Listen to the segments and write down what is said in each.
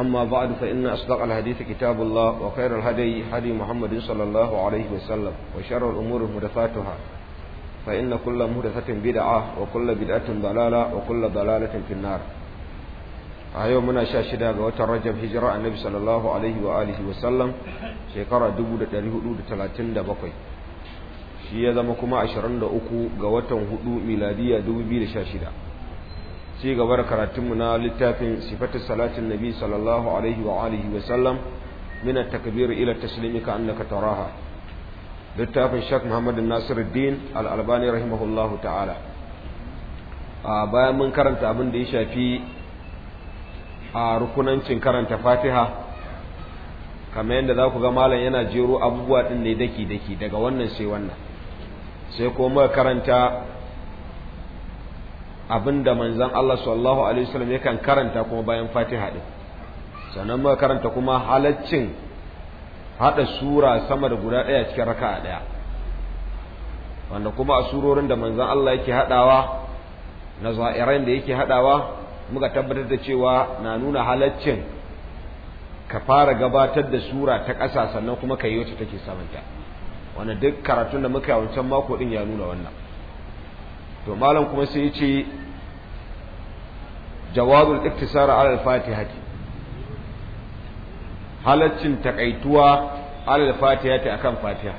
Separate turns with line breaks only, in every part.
أما بعد فإن أصدق الحديث كتاب الله وخير الهدي هدي محمد صلى الله عليه وسلم وشر الأمور محدثاتها فإن كل محدثة بدعة وكل بدعة ضلالة وكل ضلالة في النار أيوم منا شاشدا غوت الرجب هجرة النبي صلى الله عليه وآله وسلم شكرا دبو دا تاريخ دو تلاتين دا بقوي شيئا دا مكما عشرين دا أكو غوتا هدو ميلادية دبو بيل شاشدا ci gaba da karatunmu na littafin sifatu salatin nabi sallallahu alaihi wa alihi wa sallam min at-takbir ila taslimi ka annaka taraha littafin shak Muhammad Nasiruddin Al-Albani rahimahullahu ta'ala a bayan mun karanta abin da ya shafi a rukunancin karanta Fatiha kamar yadda za ku ga malam yana jero abubuwa din ne daki daki daga wannan sai wannan sai kuma karanta Abin da manzan Allah sallallahu alaihi wasallam yakan karanta kuma bayan Fatiha din sannan muka karanta kuma halaccin haɗa sura sama da guda ɗaya cikin raka ɗaya. wanda kuma a surorin da manzan Allah yake haɗawa na za'irai da yake haɗawa, muka tabbatar da cewa na nuna halaccin ka fara gabatar da sura ta ƙasa sannan kuma ka yi wacce take samanta wanda duk karatun da muka yi wancan mako ɗin ya nuna wannan to malam kuma sai ya ce Jawabin iktisar ala al halaccin takaituwa alal al akan fatiha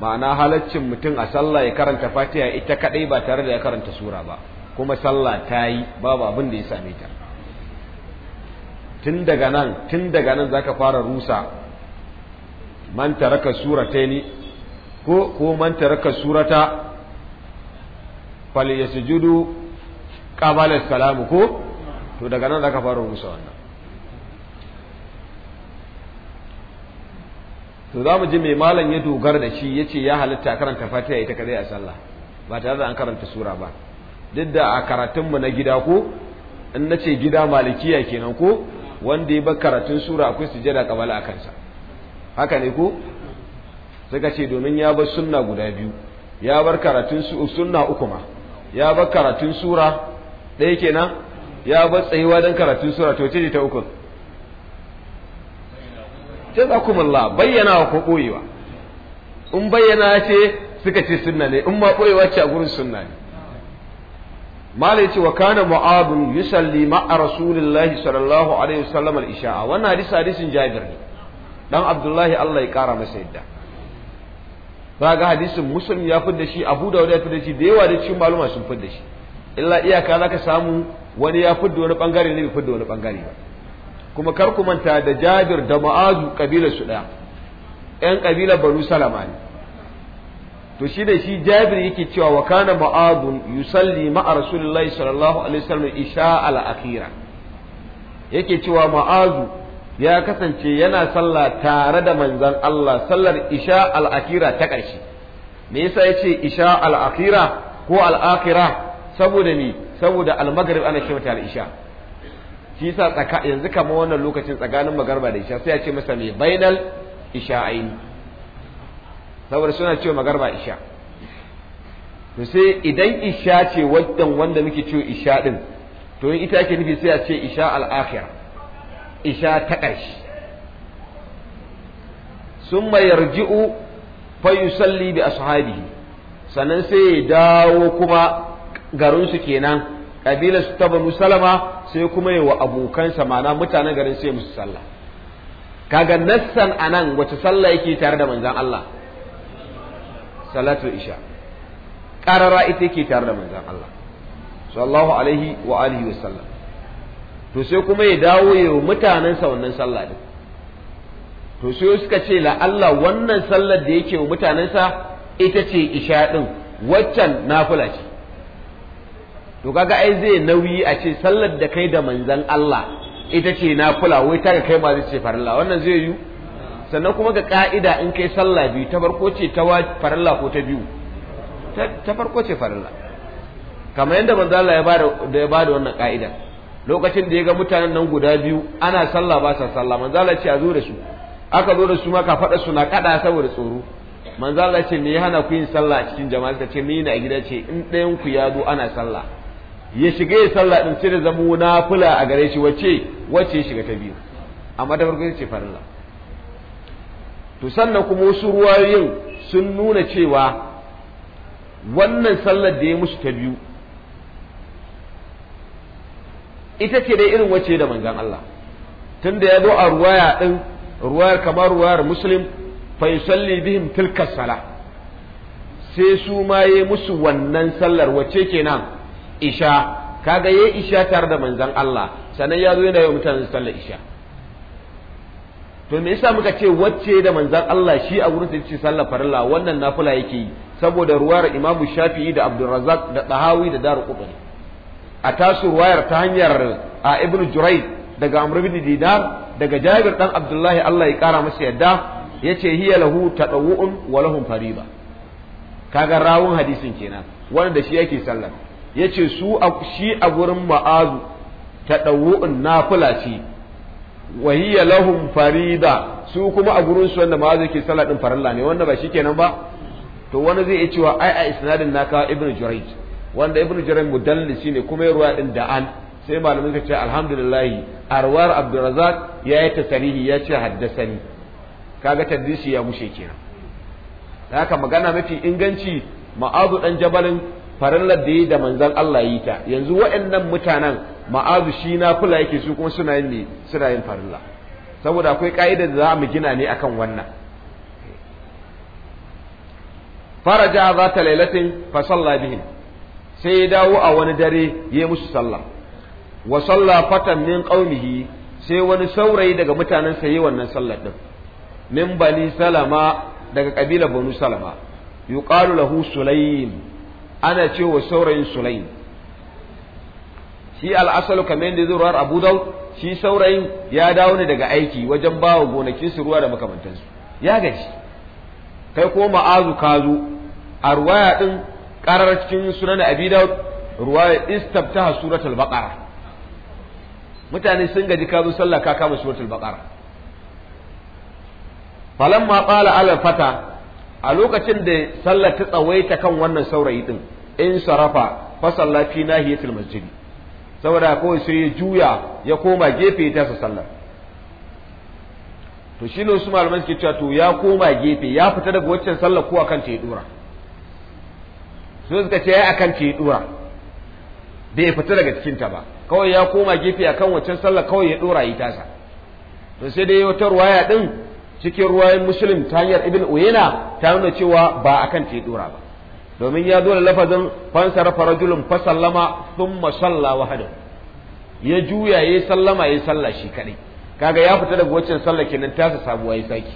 ma'ana halaccin mutum a sallah ya karanta fatiha ita kadai ba tare da ya karanta sura ba kuma sallah ta yi babu abin da ya same ta tun daga nan tun daga nan zaka fara rusa man taraka surataini ko ko man taraka surata fal yasjudu qabalat kalamu ko to daga nan zaka fara musu wannan to za mu ji mai malam ya dogara da shi ya ce ya halitta karanta fatiha ita kadai a sallah ba tare da an karanta sura ba duk da a karatunmu na gida ko in na ce gida malikiya kenan ko wanda ya bar karatun sura akwai sujada kabala a kansa haka ne ko suka ce domin ya bar sunna guda biyu ya bar karatun sunna uku ma ya bar karatun sura ɗaya kenan ya bar tsayuwa don karatu sura to ce ta ukun jazakumullah bayyana ko boyewa in bayyana ce suka ce sunna ne in ma ce a gurin sunna ne malai ce wa kana mu'adun yusalli ma'a rasulillahi sallallahu alaihi wasallam al-isha'a wannan hadisi hadisin Jabir ne dan Abdullahi Allah ya kara masa yadda ga hadisin Muslim ya fidda shi Abu Dawud ya fidda shi da yawa da cikin maluma sun fidda shi illa iyaka zaka samu wani ya fudda wani bangare ne bai fudda wani bangare ba kuma kar ku manta da Jabir da Ma'azu kabilar su daya ƴan kabilar Banu Salama ne to shi da shi Jabir yake cewa wa kana Mu'azu yusalli ma'a Rasulullahi sallallahu alaihi wasallam isha al-akhira yake cewa ma'azu ya kasance yana sallah tare da manzon Allah sallar isha al-akhira ta ƙarshe me yasa yace isha al-akhira ko al-akhira saboda ni saboda almagrib ana kyauta al-isha shi yasa tsaka yanzu kamar wannan lokacin tsakanin magarba da isha sai ya ce masa mai bainal aini saboda suna cewa magarba isha to sai idan isha ce wajen wanda muke cewa isha din to in ita ake nufi sai a ce isha al-akhir isha ta ƙarshe summa yarji'u fa yusalli bi ashabihi sannan sai ya dawo kuma garinsu kenan kabilar su taba banu salama sai kuma yi wa abokansa mana mutanen garin sai musu sallah kaga nassan nan wace sallah yake tare da manzan Allah salatu isha karara ita yake tare da manzan Allah sallallahu alaihi wa alihi wa sallam to sai kuma ya dawo ya wa mutanensa wannan sallah din to sai suka ce la Allah wannan sallar da yake wa mutanensa ita ce isha din waccan nafila ce to kaga ai zai nauyi a ce sallar da kai da manzan Allah ita ce na kula wai ta kai ma zai ce farilla wannan zai yi sannan kuma ga ka'ida in kai sallah biyu ta farko ce ta farilla ko ta biyu ta farko ce farilla kamar yadda manzo Allah ya bada da ya bada wannan ka'ida lokacin da ya ga mutanen nan guda biyu ana sallah ba sa sallah manzo Allah ce a zo da su aka zo da su ma ka faɗa su na kada saboda tsoro manzo Allah ce me ya hana ku yin sallah a cikin jama'a ka ce ni na gida ce in ɗayan ku ya zo ana sallah ya shiga ya sallah din cire zamu fula a gare shi wace wace ya shiga ta biyu amma da farko ce farilla to sannan kuma wasu ruwayoyin sun nuna cewa wannan sallar da ya musu ta biyu ita ce dai irin wace da manzon Allah tunda ya zo a ruwaya din ruwayar kamar ruwayar muslim fa yusalli bihim tilka salah sai su ma yi musu wannan sallar wace kenan isha kaga yayi isha tare da manzon Allah sannan ya zo yana yi mutane sallar isha to me yasa muka ce wacce da manzon Allah shi a wurin sai ce sallar farilla wannan nafila yake yi saboda ruwayar Imam Shafi'i da Abdurrazzaq da Tahawi da Daruqutni a tasu ruwayar ta hanyar a Ibn Jurayd daga Amr ibn Dinar daga Jabir dan Abdullahi Allah ya kara masa yadda yace hiya lahu tadawu'un wa lahum fariba kaga rawun hadisin kenan wanda shi yake sallar yace su shi a gurin ma'azu tadawu'un nafila ce wa lahum farida su kuma a gurin su wanda ma'azu ke sallah din farilla ne wanda ba shi kenan ba to wani zai iya cewa ai a isnadin naka ibnu jurayj wanda ibnu jurayj mudallisi ne kuma ya ruwa din an sai malamin ka ce alhamdulillah arwar abdurrazzaq ya yi tasarihi ya ce haddasani kaga tadrisi ya mushe kenan haka magana mafi inganci ma'azu ɗan jabalin farallar da yi da manzan Allah yi ta yanzu waɗannan mutanen ma'azu shi na kula yake su kuma suna yin suna yin farilla saboda akwai ƙa'idar da za mu gina ne akan wannan faraja za ta lailatin fa salla bihim sai ya dawo a wani dare ya musu sallah wa salla fatan min qaumihi sai wani saurayi daga mutanen sa yi wannan sallar din min bani salama daga kabila banu salama yuqalu lahu sulaym ana ce wa saurayin sulaim shi al'asalu kamar yadda zai ruwar abu daud shi saurayin ya dawo ne daga aiki wajen ba bawa gonakinsu ruwa da makamantansu ya gaji kai ko ma'azu ka a ruwaya din karar cikin sunan abi daud ruwaya istabtaha suratul baqara mutane sun gaji ka zo sallah ka kama suratul baqara falamma qala fata a lokacin da sallar ta tsawaita kan wannan saurayi ɗin in sarafa fasalla fi nahiyatul masjid saboda kawai sai ya juya ya koma gefe ya tasa sallar to shi ne su malaman suke cewa to ya koma gefe ya fita daga waccan sallar ko akan ta ya dora su suka ce ya akan ta ya dora bai fita daga cikin ta ba kawai ya koma gefe akan waccan sallar kawai ya dora yi tasa to sai dai wata ruwaya din cikin ruwayan muslim ta hanyar ibn uyena ta nuna cewa ba akan ta ya dora ba domin ya zo da lafazin fansar farajulun fa sallama sun salla wahada ya juya ya yi sallama ya yi sallah shi kaɗai kaga ya fita daga waccan sallah kenan tasa sabuwa ya saki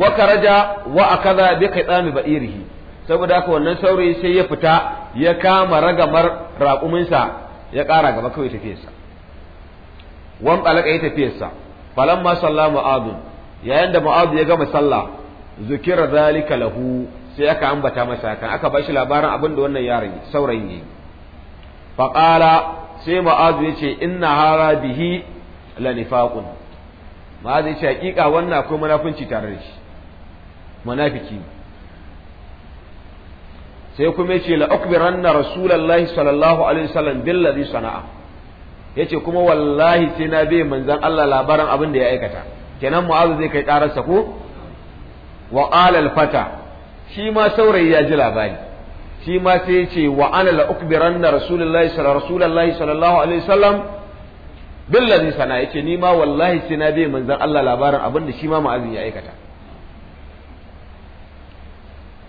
wa karaja wa akaza bi ba irihi saboda haka wannan saurayi sai ya fita ya kama ragamar raƙuminsa ya ƙara gaba kawai tafiyarsa wan balaka ya tafiyarsa ma sallah adun yayin da mu'adun ya gama sallah zukira zalika lahu sai aka ambata masa kan aka ba shi labarin abin da wannan yaron saurayin yi qala sai ma'az ya ce inna hara bihi la nifaqun ma'az ya ce hakika wannan akwai munafunci tare da shi munafiki sai kuma yace la akbiranna rasulullahi sallallahu alaihi wasallam billadhi sana'a yace kuma wallahi sai na bai manzon Allah labarin abin da ya aikata kenan mu'azu zai kai ƙararsa ko wa alal fata shi ma saurayi ya ji labari shi ma sai ya ce wa ana la ukbiranna rasulullahi sallallahu alaihi wasallam billazi sana yace ni ma wallahi sai na bai manzon Allah labarin abin da shi ma ma'azin ya aikata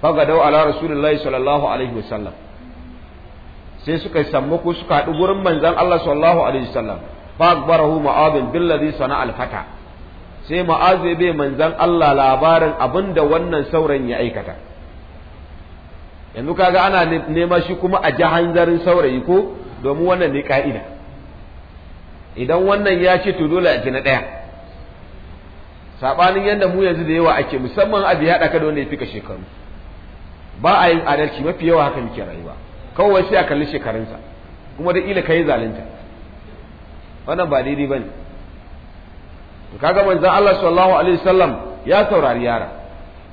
fagadau ala rasulullahi sallallahu alaihi wasallam sai suka yi sammako suka haɗu gurin manzon Allah sallallahu alaihi wasallam fa akbarahu mu'adhin billazi sana al-fata sai ma'azu ya bai manzan Allah labarin abin da wannan sauran ya aikata yanzu kaga ana nema shi kuma a ji hanzarin saurayi ko domin wannan ne ka'ida idan wannan ya ce to dole a ji na ɗaya sabanin yadda mu yanzu da yawa ake musamman abu ya ɗaka da wanda ya fika shekaru ba a yin adalci mafi yawa haka muke rayuwa kawai sai a kalli shekarunsa kuma da ila ka yi zalunta wannan ba daidai ba ne to kaga manzon Allah sallallahu alaihi wasallam ya saurari yara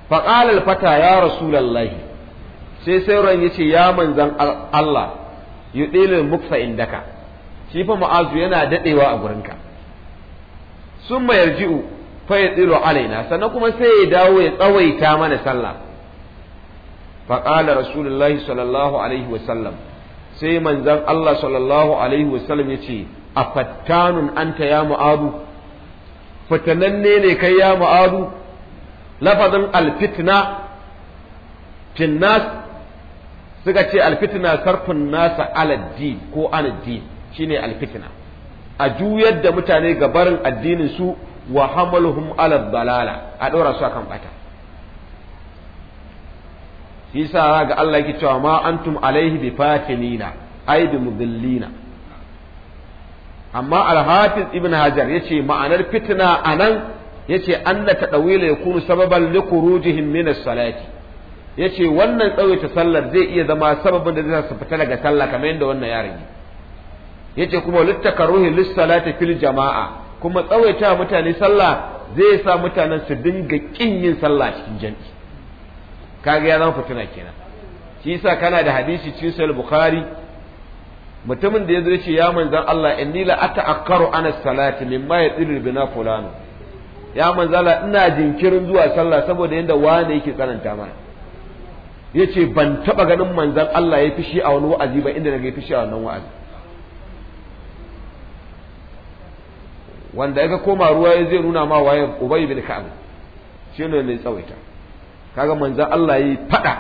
fa qala fata ya rasulullahi sai sauran yace ya manzon Allah yudilul mukfa indaka shi fa mu'azu yana dadewa a gurinka summa yarji'u fa yadilu alaina sannan kuma sai ya dawo ya tsawaita mana sallah fa qala rasulullahi sallallahu alaihi wasallam sai manzon Allah sallallahu alaihi wasallam yace afattanun anta ya mu'azu fitananne ne kai ya mu'adu lafazin alfitna finnas suka ce alfitna sarfin nasa aladdi ko anaddi shine alfitna a juyar da mutane gabarin addinin su wa hamaluhum ala dalala a ɗora su akan bata shi sa ga Allah yake cewa ma antum alaihi bi fatinina ay bi mudillina amma al-hafiz ibn hajar yace ma'anar fitna anan yace anna ya kunu sababan li khurujihim min as-salati yace wannan tsawaita sallar zai iya zama sababin da zai su fita daga sallah kamar yadda wannan ya ce yace kuma littakaruhi lis-salati fil jama'a kuma tsawaita mutane sallah zai sa mutanen su dinga kin yin sallah cikin jami'i kaga ya zama fitina kenan shi yasa kana da hadisi cikin sahih bukhari mutumin da ya zo ce ya manzan Allah in a la ata'akkaru ana salati mimma yadir bina fulano ya Allah ina jinkirin zuwa sallah saboda yanda wane yake tsananta mana yace ban taba ganin manzan Allah ya fishi a wani wa'azi ba inda naga ya fishi a wannan wa'azi wanda ya koma ruwa ya zai nuna ma waye ubay bin ka'ab shi ne mai tsawaita kaga manzan Allah yi fada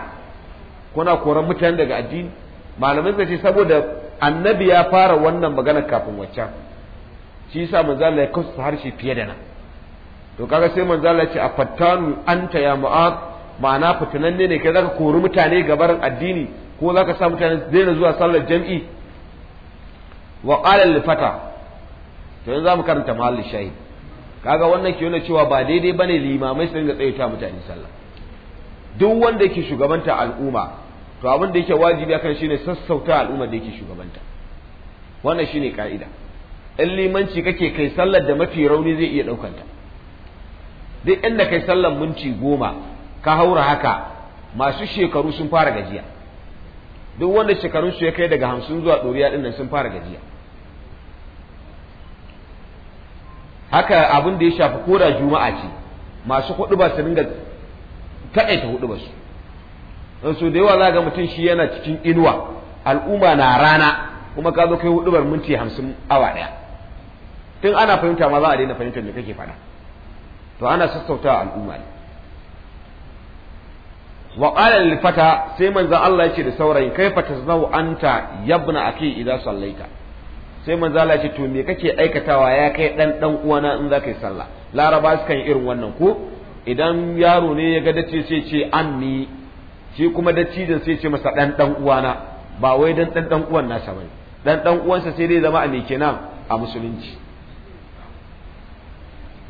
kuna koran mutane daga addini malamai sai saboda annabi ya fara wannan magana kafin waccan shi yasa manzo Allah ya su harshe fiye da nan to kaga sai manzo Allah ya ce afattanu anta ya mu'ad ma'ana fitinanne ne kai zaka kori mutane gabarin addini ko zaka sa mutane zai daina zuwa sallar jam'i wa qala lil fata to yanzu zamu karanta mahallin shahid kaga wannan ke nuna cewa ba daidai bane limamai su dinga tsayuta mutane sallah duk wanda yake shugabanta al'umma to abin da yake wajibi akan shine sassauta al'umma da yake shugabanta wannan shine ka'ida in limanci kake kai sallar da mafi rauni zai iya ɗaukanta duk inda kai sallar minti goma ka haura haka masu shekaru sun fara gajiya duk wanda shekarun su ya kai daga hamsin zuwa ɗoriya ɗin nan sun fara gajiya haka abin da ya shafi koda juma'a ce masu hudu ba su ringa kaɗaita hudu ba su in so da yawa za ga mutum shi yana cikin inuwa al'umma na rana kuma ka zo kai hudubar minti hamsin awa daya tun ana fahimta ma za a daina fahimtar da kake faɗa to ana sassauta al'umma ne wa qala lil fata sai manzo Allah yace da saurayin fata zau anta yabna aki idan sallaita sai manzo Allah ce to me kake aikatawa ya kai dan dan uwana in zaka yi sallah laraba sukan yi irin wannan ko idan yaro ne ya ga dace sai ce anni shi kuma cizon sai ce masa ɗan ɗan uwana ba wai dan ɗan ɗan uwan nasa bane ɗan ɗan uwansa sai dai zama a meke nan a musulunci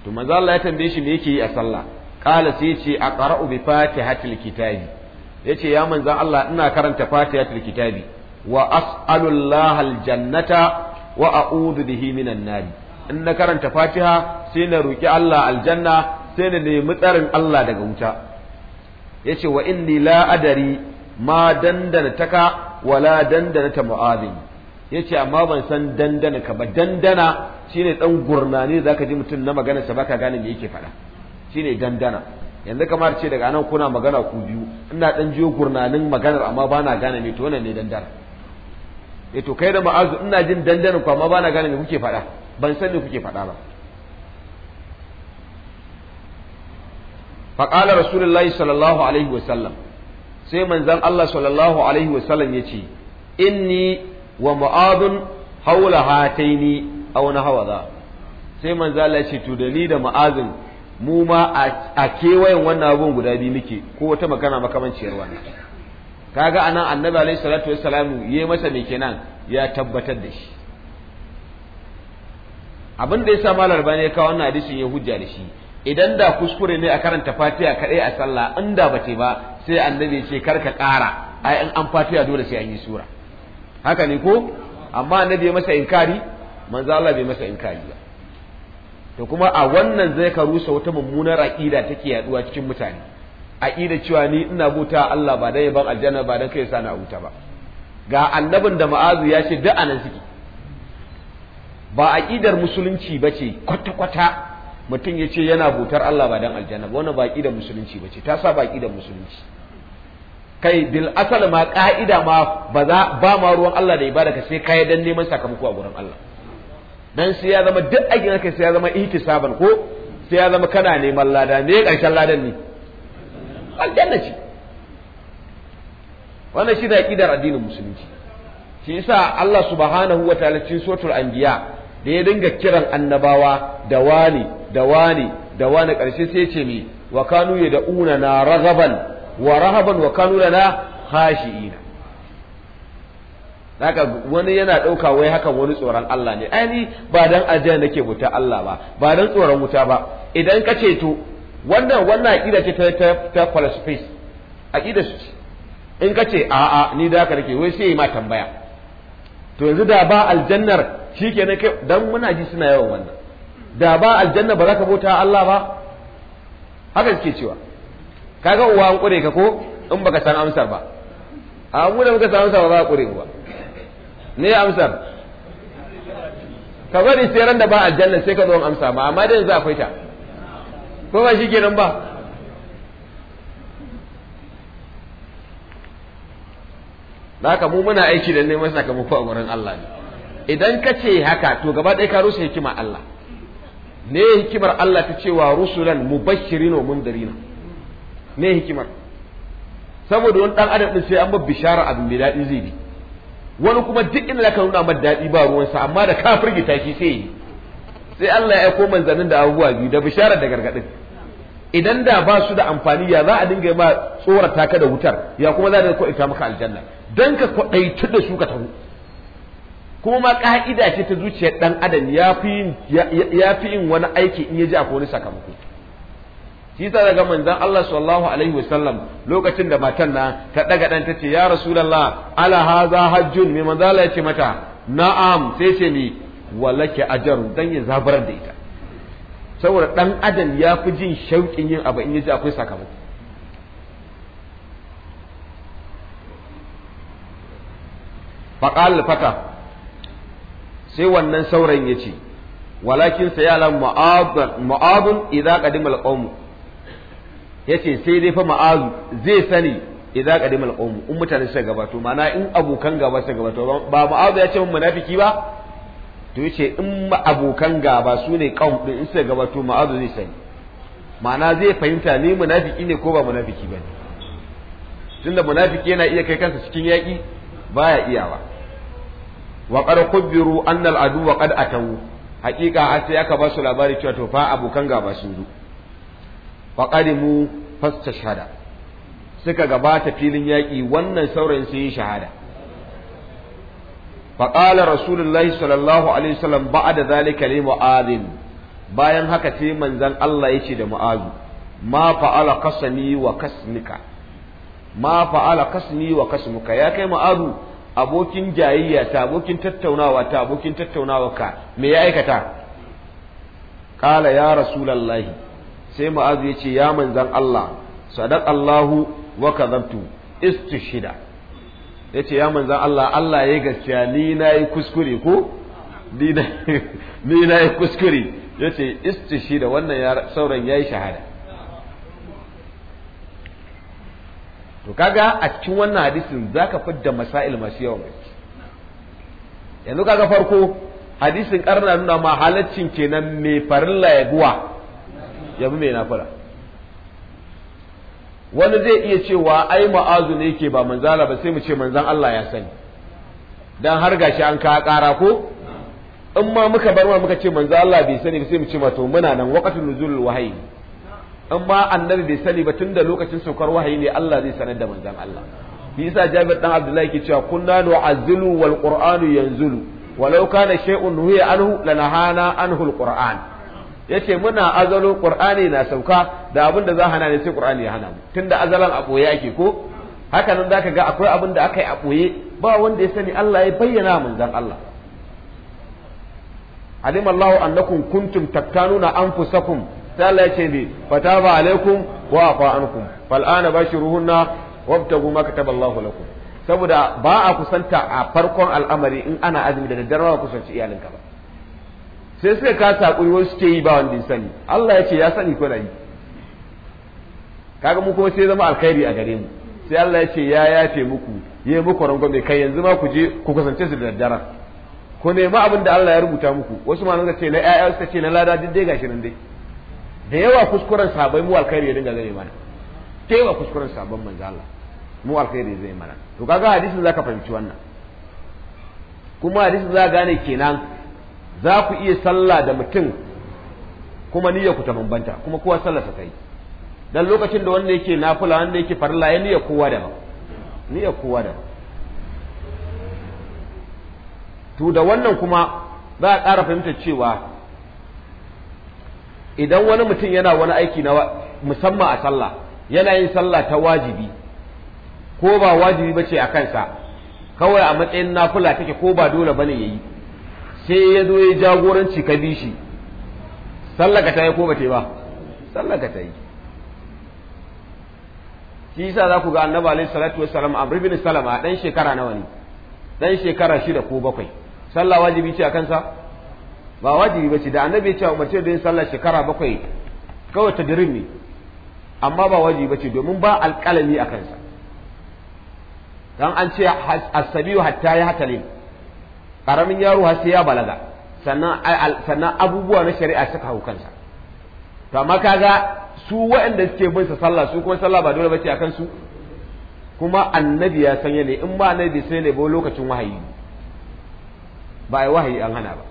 to manzo Allah ya tambaye shi me yake yi a sallah qala sai ce aqra'u bi fatihatil kitabi yace ya manzon Allah ina karanta fatihatil kitabi wa as'alu Allah aljannata wa a'udhu bihi minan nar in na karanta fatiha sai na roki Allah aljanna sai na nemi tsarin Allah daga wuta yace wa inni la adari ma dandana taka wala dandana ta mu'adhin yace amma ban san dandana ka ba dandana shine dan gurnani zaka ji mutum na magana sa baka gane me yake faɗa shine dandana yanzu kamar ce daga nan kuna magana ku biyu ina dan jiyo gurnanin maganar amma bana gane me to wannan ne dandana eh to kai da ma'azu ina jin dandana ku amma bana gane me kuke faɗa ban san me kuke faɗa ba faƙalar rasulullahi sallallahu alaihi wasallam sai manzan Allah sallallahu alaihi wasallam ya ce inni wa mu'adun haula hataini a wani hawa za sai manzan Allah ya ce to da da mu'azin mu ma a kewayen wannan abun guda biyu muke ko wata magana makamanciyar wannan kaga anan annabi alaihi salatu wassalamu yayi masa me kenan ya tabbatar da shi abin da ya sa malar bane ya kawo wannan hadisin ya hujja da shi idan da kuskure ne a karanta fatiya kaɗai a sallah in da bace ba sai annabi ya ce kar ka ƙara ai in an fatiha dole sai an yi sura haka ne ko amma annabi ya masa inkari manzo Allah bai masa inkari ba to kuma a wannan zai ka rusa wata mummunar aqida take yaduwa cikin mutane aqida cewa ni ina buta Allah ba dan ban aljanna ba dan kai sa na huta ba ga annabin da ma'azu ya ce duk anan suke ba aqidar musulunci bace kwata kwata mutum ya ce yana butar Allah ba dan aljanna ba wani baƙi da musulunci ba ce ta sa baƙi da musulunci kai bil asal ma ƙa'ida ma ba za ba ma ruwan Allah da ibada ka sai kai dan neman sakamako a gurin Allah dan sai ya zama duk aikin kai sai ya zama ihtisaban ko sai ya zama kana neman lada ne karshen ladan ne aljanna ce wannan shi da ƙidar addinin musulunci shi yasa Allah subhanahu wataala cikin suratul anbiya da ya dinga kiran annabawa da wani da wani da wani ƙarshe sai ce mi wa kanu ya da'una na ragaban wa rahaban wa kanu na hashi'ina haka wani yana ɗauka wai hakan wani tsoron Allah ne ai ba dan ajiya nake wuta Allah ba ba dan tsoron wuta ba idan ka to wannan wannan aqida ce ta ta, ta philosophy aqida su in ka ce a'a ni da haka nake wai sai ma tambaya to yanzu da ba aljannar na kai don muna ji suna yawan wannan da ba aljanna ba za ka bauta Allah ba haka suke cewa ga uwa an kure ka ko in baka san amsar ba a mu da muka san amsar ba za a kure ba ne amsar ka bari sai ran da ba aljanna sai ka zo amsa ba amma dai yanzu akwai ta ko ba nan ba da haka mu muna aiki da neman sakamako a wurin Allah ne idan ka ce haka to gaba ɗaya ka rusa hikima Allah ne hikimar Allah ta cewa rusulan mubashirin wa na? ne hikimar saboda wani ɗan adam ɗin sai an bar bishara abin mai daɗi zai bi wani kuma duk inda ka nuna mai daɗi ba ruwansa amma da kafir firgita shi sai yi sai Allah ya aiko manzannin da abubuwa biyu da bishara da gargaɗin idan da ba su da amfani ya za a dinga ma tsorata ka da wutar ya kuma za a dinga ita maka aljanna dan ka kwaɗaitu da su ka tafi kuma ka'ida ce ta zuciyar ɗan adam ya fi yin wani aiki in ya ji akwai wani sakamako shi yasa daga manzon Allah sallallahu alaihi wasallam lokacin da matan na ta ɗan ta ce ya rasulallah. ala haza hajjun mai manzo Allah ce mata na'am sai ce ni walaki ajaru dan ya zabar da ita saboda ɗan adam ya fi jin shauƙin yin abu in ya ji akwai sakamako faqal fata sai wannan sauran ya ce walakin ya lan ma'azun idza qadima ya yace sai dai fa ma'azu zai sani idan kadim alqawm in mutane suka gabato mana in abokan gaba suka gabato ba ma'azu ya ce mun munafiki ba to yace in abokan gaba su ne qawm din in suka gabato ma'azu zai sani mana zai fahimta ni munafiki ne ko ba munafiki bane tunda munafiki yana iya kai kansa cikin yaki baya iyawa wa qad khubbiru anna adu wa qad atawu haqiqa sai aka ba su labari cewa to fa abokan gaba sun zo wa qadimu fastashhada suka gabata filin yaƙi wannan saurayin sun yi shahada fa qala rasulullahi sallallahu alaihi wasallam ba'da zalika li mu'adhin bayan haka sai manzon Allah yace da mu'azu ma fa'ala kasami wa kasmika ma fa'ala kasmi wa kasmuka ya kai mu'azu abokin jayayya ta abokin tattaunawa ta abokin tattaunawa ka me ya aikata kala ya rasulallahi sai ma'azu ya ce ya manzan Allah sadaqallahu wa kadhabtu istushida ya ce ya manzan Allah Allah ya gaskiya ni na yi kuskure ko ni na yi kuskure ya ce istushida wannan sauran ya yi shahada to kaga a cikin wannan hadisin zaka fidda masail masu yawan gaske yanzu kaga farko hadisin karna nuna ma halaccin kenan mai farilla ya guwa ya bi mai fara. wani zai iya cewa ai ma'azu ne yake ba manzala ba sai mu ce manzan Allah ya sani dan har gashi an ka kara ko in ma muka bar ma muka ce manzo Allah bai sani ba sai mu ce ma to muna nan waqatul nuzul wahayi in ma annabi bai sani ba da lokacin saukar wahayi ne Allah zai sanar da manzon Allah bi yasa Jabir dan Abdullahi ke cewa kunna nu'azzilu wal qur'anu yanzulu walau kana shay'un huwa anhu lanahana anhu al qur'an yace muna azalo qur'ani na sauka da abin da za hana ne sai qur'ani ya hana mu tunda azalan a boye ake ko haka nan zaka ga akwai abin da aka yi a boye ba wanda ya sani Allah ya bayyana manzon Allah alim Allah annakum kuntum taktanuna anfusakum sai Allah ya ce bi fataba alaikum wa afa ankum fal ana bashiruhunna wabtagu ma Allah lakum saboda ba a kusanta a farkon al'amari in ana azumi da daddare ba kusanci iyalinka ba sai sai ka hakuri wasu suke yi ba wanda ya sani Allah ya ce ya sani ko na yi kaga mu kuma sai zama alkhairi a gare mu sai Allah ya ce ya yafe muku yi muku rangwame kai yanzu ma ku je ku kasance su da daddare ku nema abin da Allah ya rubuta muku wasu ma suka ce na ƴaƴa suka ce na lada duk dai gashi nan dai da yawa kuskuren sabai mu alkhairi ya dinga zai mana da yawa kuskuren sabon manzo Allah mu alkhairi zai mana to kaga hadisin zaka fahimci wannan kuma hadisin za gane kenan za ku iya sallah da mutum kuma niyyar ku ta bambanta kuma kowa sallar sa kai dan lokacin da wanda yake nafila wanda yake farla ya niyyar kowa daban niyyar kowa daban to da wannan kuma za a ƙara fahimtar cewa idan wani mutum yana wani aiki na musamman a sallah yana yin sallah ta wajibi ko ba wajibi ba ce a kansa kawai a matsayin nafula take ko ba dole bane yayi sai ya zo ya jagoranci ka bi shi sallah ka ta yi ko ba ta yi ba sallah ka ta yi shi yasa za ku ga annabi alaihi salatu wassalam amr ibn salama dan shekara nawa ne dan shekara shida ko bakwai sallah wajibi ce a kansa ba wajibi ba ce da annabi ya ce umarci da yin sallah shekara bakwai kawai ta ne amma ba wajibi ba ce domin ba alƙalami a kansa dan an ce asabiyu hatta ya hatalin ƙaramin yaro har sai ya balaga sannan abubuwa na shari'a suka hau kansa to amma kaga su waɗanda suke bin sa sallah su kuma sallah ba dole bace a kansu kuma annabi ya sanya ne in ba annabi sai ne ba lokacin wahayi ba ai wahayi an hana ba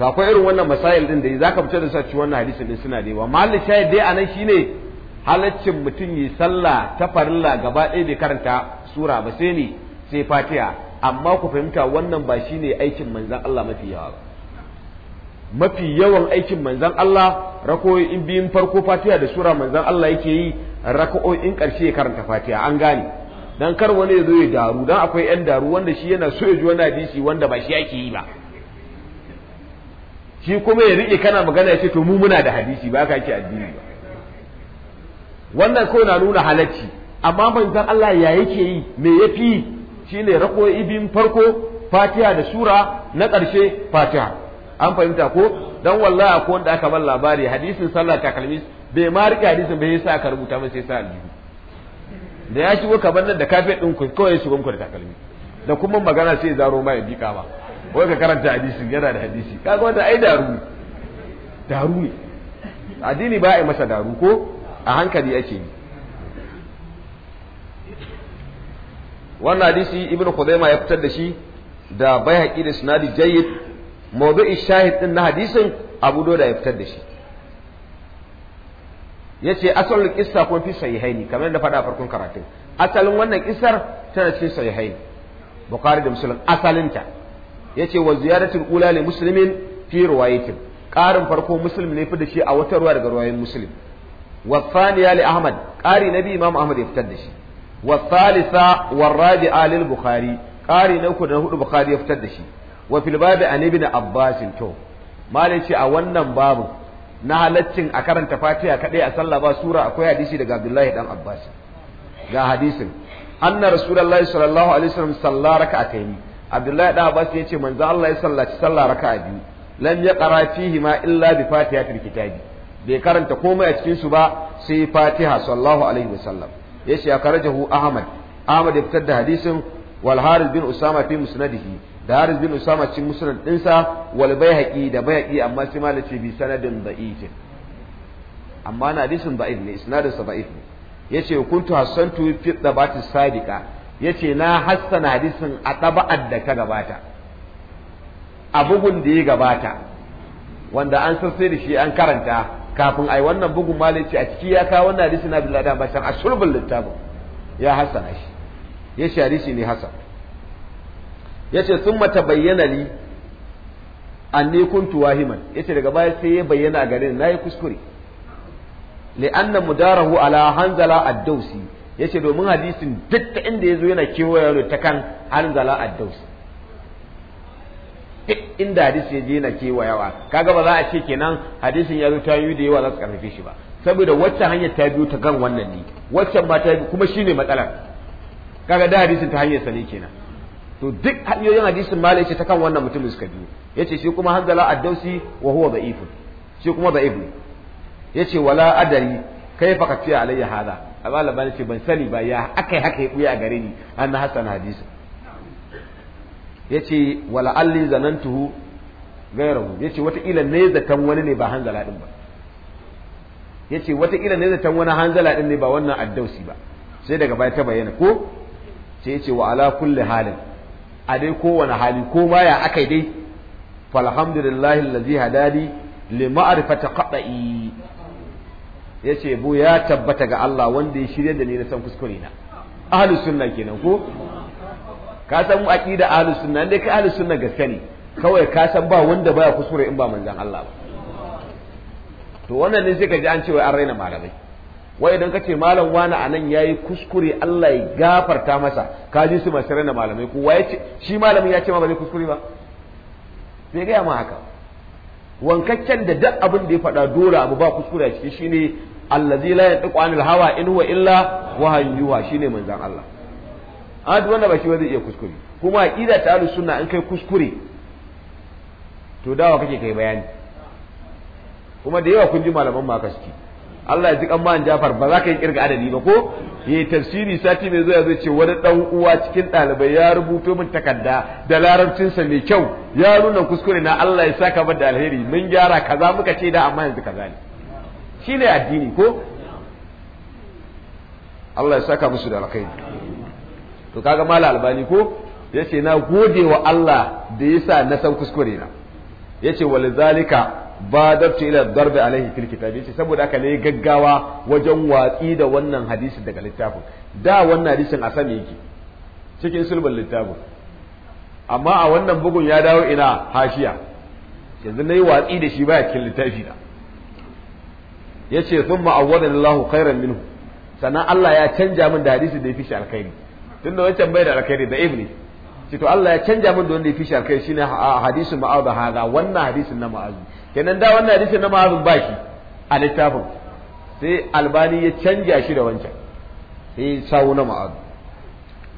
to akwai irin wannan masail din da za ka fita da sa ci wannan hadisin din suna da yawa mahalli shayi dai anan shine halaccin mutum yi sallah ta farilla gaba ɗaya bai karanta sura ba sai ne sai fatiha amma ku fahimta wannan ba shine aikin manzon Allah mafi yawa ba mafi yawan aikin manzan Allah in biyun farko fatiha da sura manzan Allah yake yi in karshe ya karanta fatiha an gane dan kar wani ya zo ya daru dan akwai yan daru wanda shi yana so ya ji wani hadisi wanda ba shi yake yi ba shi kuma ya riƙe kana magana ya ce to mu muna da hadisi ba ka ke addini ba wannan ko na nuna halacci amma manzon Allah ya yake yi me yafi shine rako ibin farko fatiha da sura na ƙarshe fatiha an fahimta ko dan wallahi ko wanda aka bar labari hadisin sallah takalmi bai ma rike hadisin bai yasa ka rubuta masa sa aljihu da ya shigo kaban nan da kafe ɗin ku kawai shigo ku da takalmi da kuma magana sai zaro ma ya bika ba wai ka karanta hadisin yana da hadisi kaga wanda ai daru daru ne addini ba a masa daru ko a hankali ake yi wannan hadisi ibn Khuzaima ya fitar da shi da bai da sinadi jayyid mawdu'i shahid din na hadisin Abu Dawud ya fitar da shi yace asalin qissa ko fi sahihaini kamar yadda fada farkon karatu asalin wannan kissar tana cikin sahihaini Bukhari da Muslim ta. yace wa ziyaratul ula li muslimin fi riwayatin ƙarin farko muslim ne fi da shi a wata ruwa daga ruwayin muslim wa thaniya li ahmad ƙari na biyu imam ahmad ya fitar da shi wa thalitha wa rabi'a lil bukhari ƙari na uku da na hudu bukhari ya fitar da shi wa fil babi an ibn abbas to malai ce a wannan babu na halaccin a karanta fatiha kadai a sallah ba sura akwai hadisi daga abdullahi dan abbas ga hadisin anna rasulullahi sallallahu alaihi wasallam sallara raka'atayn abdullahi da abbas ya ce manzo Allah ya sallaci sallah raka'a biyu lam yaqra fihi ma illa bi fatihatil kitabi bai karanta komai a cikin su ba sai fatiha sallallahu alaihi wasallam ya ce akarajahu ahmad ahmad ya fitar da hadisin wal harith bin usama fi musnadihi da harith bin usama cikin musnad dinsa wal baihaqi da baihaqi amma sai malaci bi sanadin da'if amma na hadisin da'if ne isnadin sa da'if ne yace kuntu hasantu fi dabati sadiqa yace na hassana hadisin a ɗaba'ar da ka gabata a bugun da ya gabata wanda an sassai da shi an karanta kafin ai wannan bugun malai ce a ciki ya kawo wannan hadisi na billahi da bashan a sulbul littafin ya hassana shi ya shi hadisi ne hasan yace mata bayyana li anni kuntu wahiman yace daga baya sai ya bayyana a gare na yi kuskure li'anna mudarahu ala hanzala ad-dawsi yace domin hadisin duk ta inda zo yana kewaya ne ta kan hanzala ad-dausi duk inda hadisi yaje yana kewayawa kaga ba za a ce kenan hadisin ya zo ta yi da yawa za su karfi shi ba saboda wacce hanyar ta biyo ta kan wannan ne wacce ba ta kuma shi ne matsalar kaga da hadisin ta hanyar sani kenan to duk hanyoyin hadisin malai ce ta kan wannan mutumin suka biyo yace shi kuma hanzala ad wa huwa da'ifun shi kuma da'ifun yace wala adari kai fa kafiya alayya hada amma laban ce ban sani ba ya akai haka ya buya a gare ni Hassan hasan Ya ce wala alli zanantuhu gairahu Ya ce watakila ne zatan wani ne ba hanzala din ba Ya ce watakila ne zatan wani hanzala din ne ba wannan addausi ba sai daga baya ta bayyana ko sai ce wa ala kulli halin a dai kowane hali ko ma ya akai dai falhamdulillahi allazi hadani li ma'rifati kaɗai. ya ce bu ya tabbata ga Allah wanda ya shirya da ni na san kuskure na ahlus sunna kenan ko ka san mu aqida ahlus sunna dai ka ahlus sunna gaske ne kawai ka san ba wanda baya kuskure in ba manzon Allah ba to wannan ne sai ka ji an ce wai an raina malamai wai idan ka ce malam wani a nan yayi kuskure Allah ya gafarta masa ka ji su masu raina malamai ko waye ce shi malamin ya ce ma ba zai kuskure ba sai ga ma haka wankaccen da duk abin da ya faɗa dora abu ba kuskure a ciki shine allazi la yatqu anil hawa in huwa illa wahayin shine manzon Allah a ah, wanda ba shi zai iya kuskure kuma aqida ta ahlus sunna in kai kuskure to dawa kake kai bayani kuma da yawa kun ji malaman ma kaski Allah ya ji kan man Jafar ba za ka yi kirga adadi ba ko yi tafsiri sati mai zuwa zai ce wani dan uwa cikin ɗalibai ya rubuto min takarda da larabcinsa mai kyau ya nuna kuskure na Allah ya saka da alheri mun gyara kaza muka ce da amma yanzu kaza ne shi ne addini ko Allah ya saka musu da alkhairi to kaga mala albani ko yace na gode wa Allah da yasa na san kuskure na yace ba dabta ila darb alaihi fil kitab yace saboda haka ne gaggawa wajen watsi da wannan hadisi daga littafin da wannan hadisin a sami yake cikin sulbul littafin amma a wannan bugun ya dawo ina hashiya yanzu nayi watsi da shi ba cikin littafi na yace sun awwadana Allahu khairan minhu sannan Allah ya canja min da hadisi da ya fi shi tun tunda wancan bai da alkhairi da ibni ce to Allah ya canja min da wanda ya fi shi alkhairi shine ah, ah, hadisin ma'az da haza wannan hadisin na ma'azu. kenan da wannan hadisin na ma'az ba shi a littafin sai albani ya canja shi da wancan sai sawo na ma'az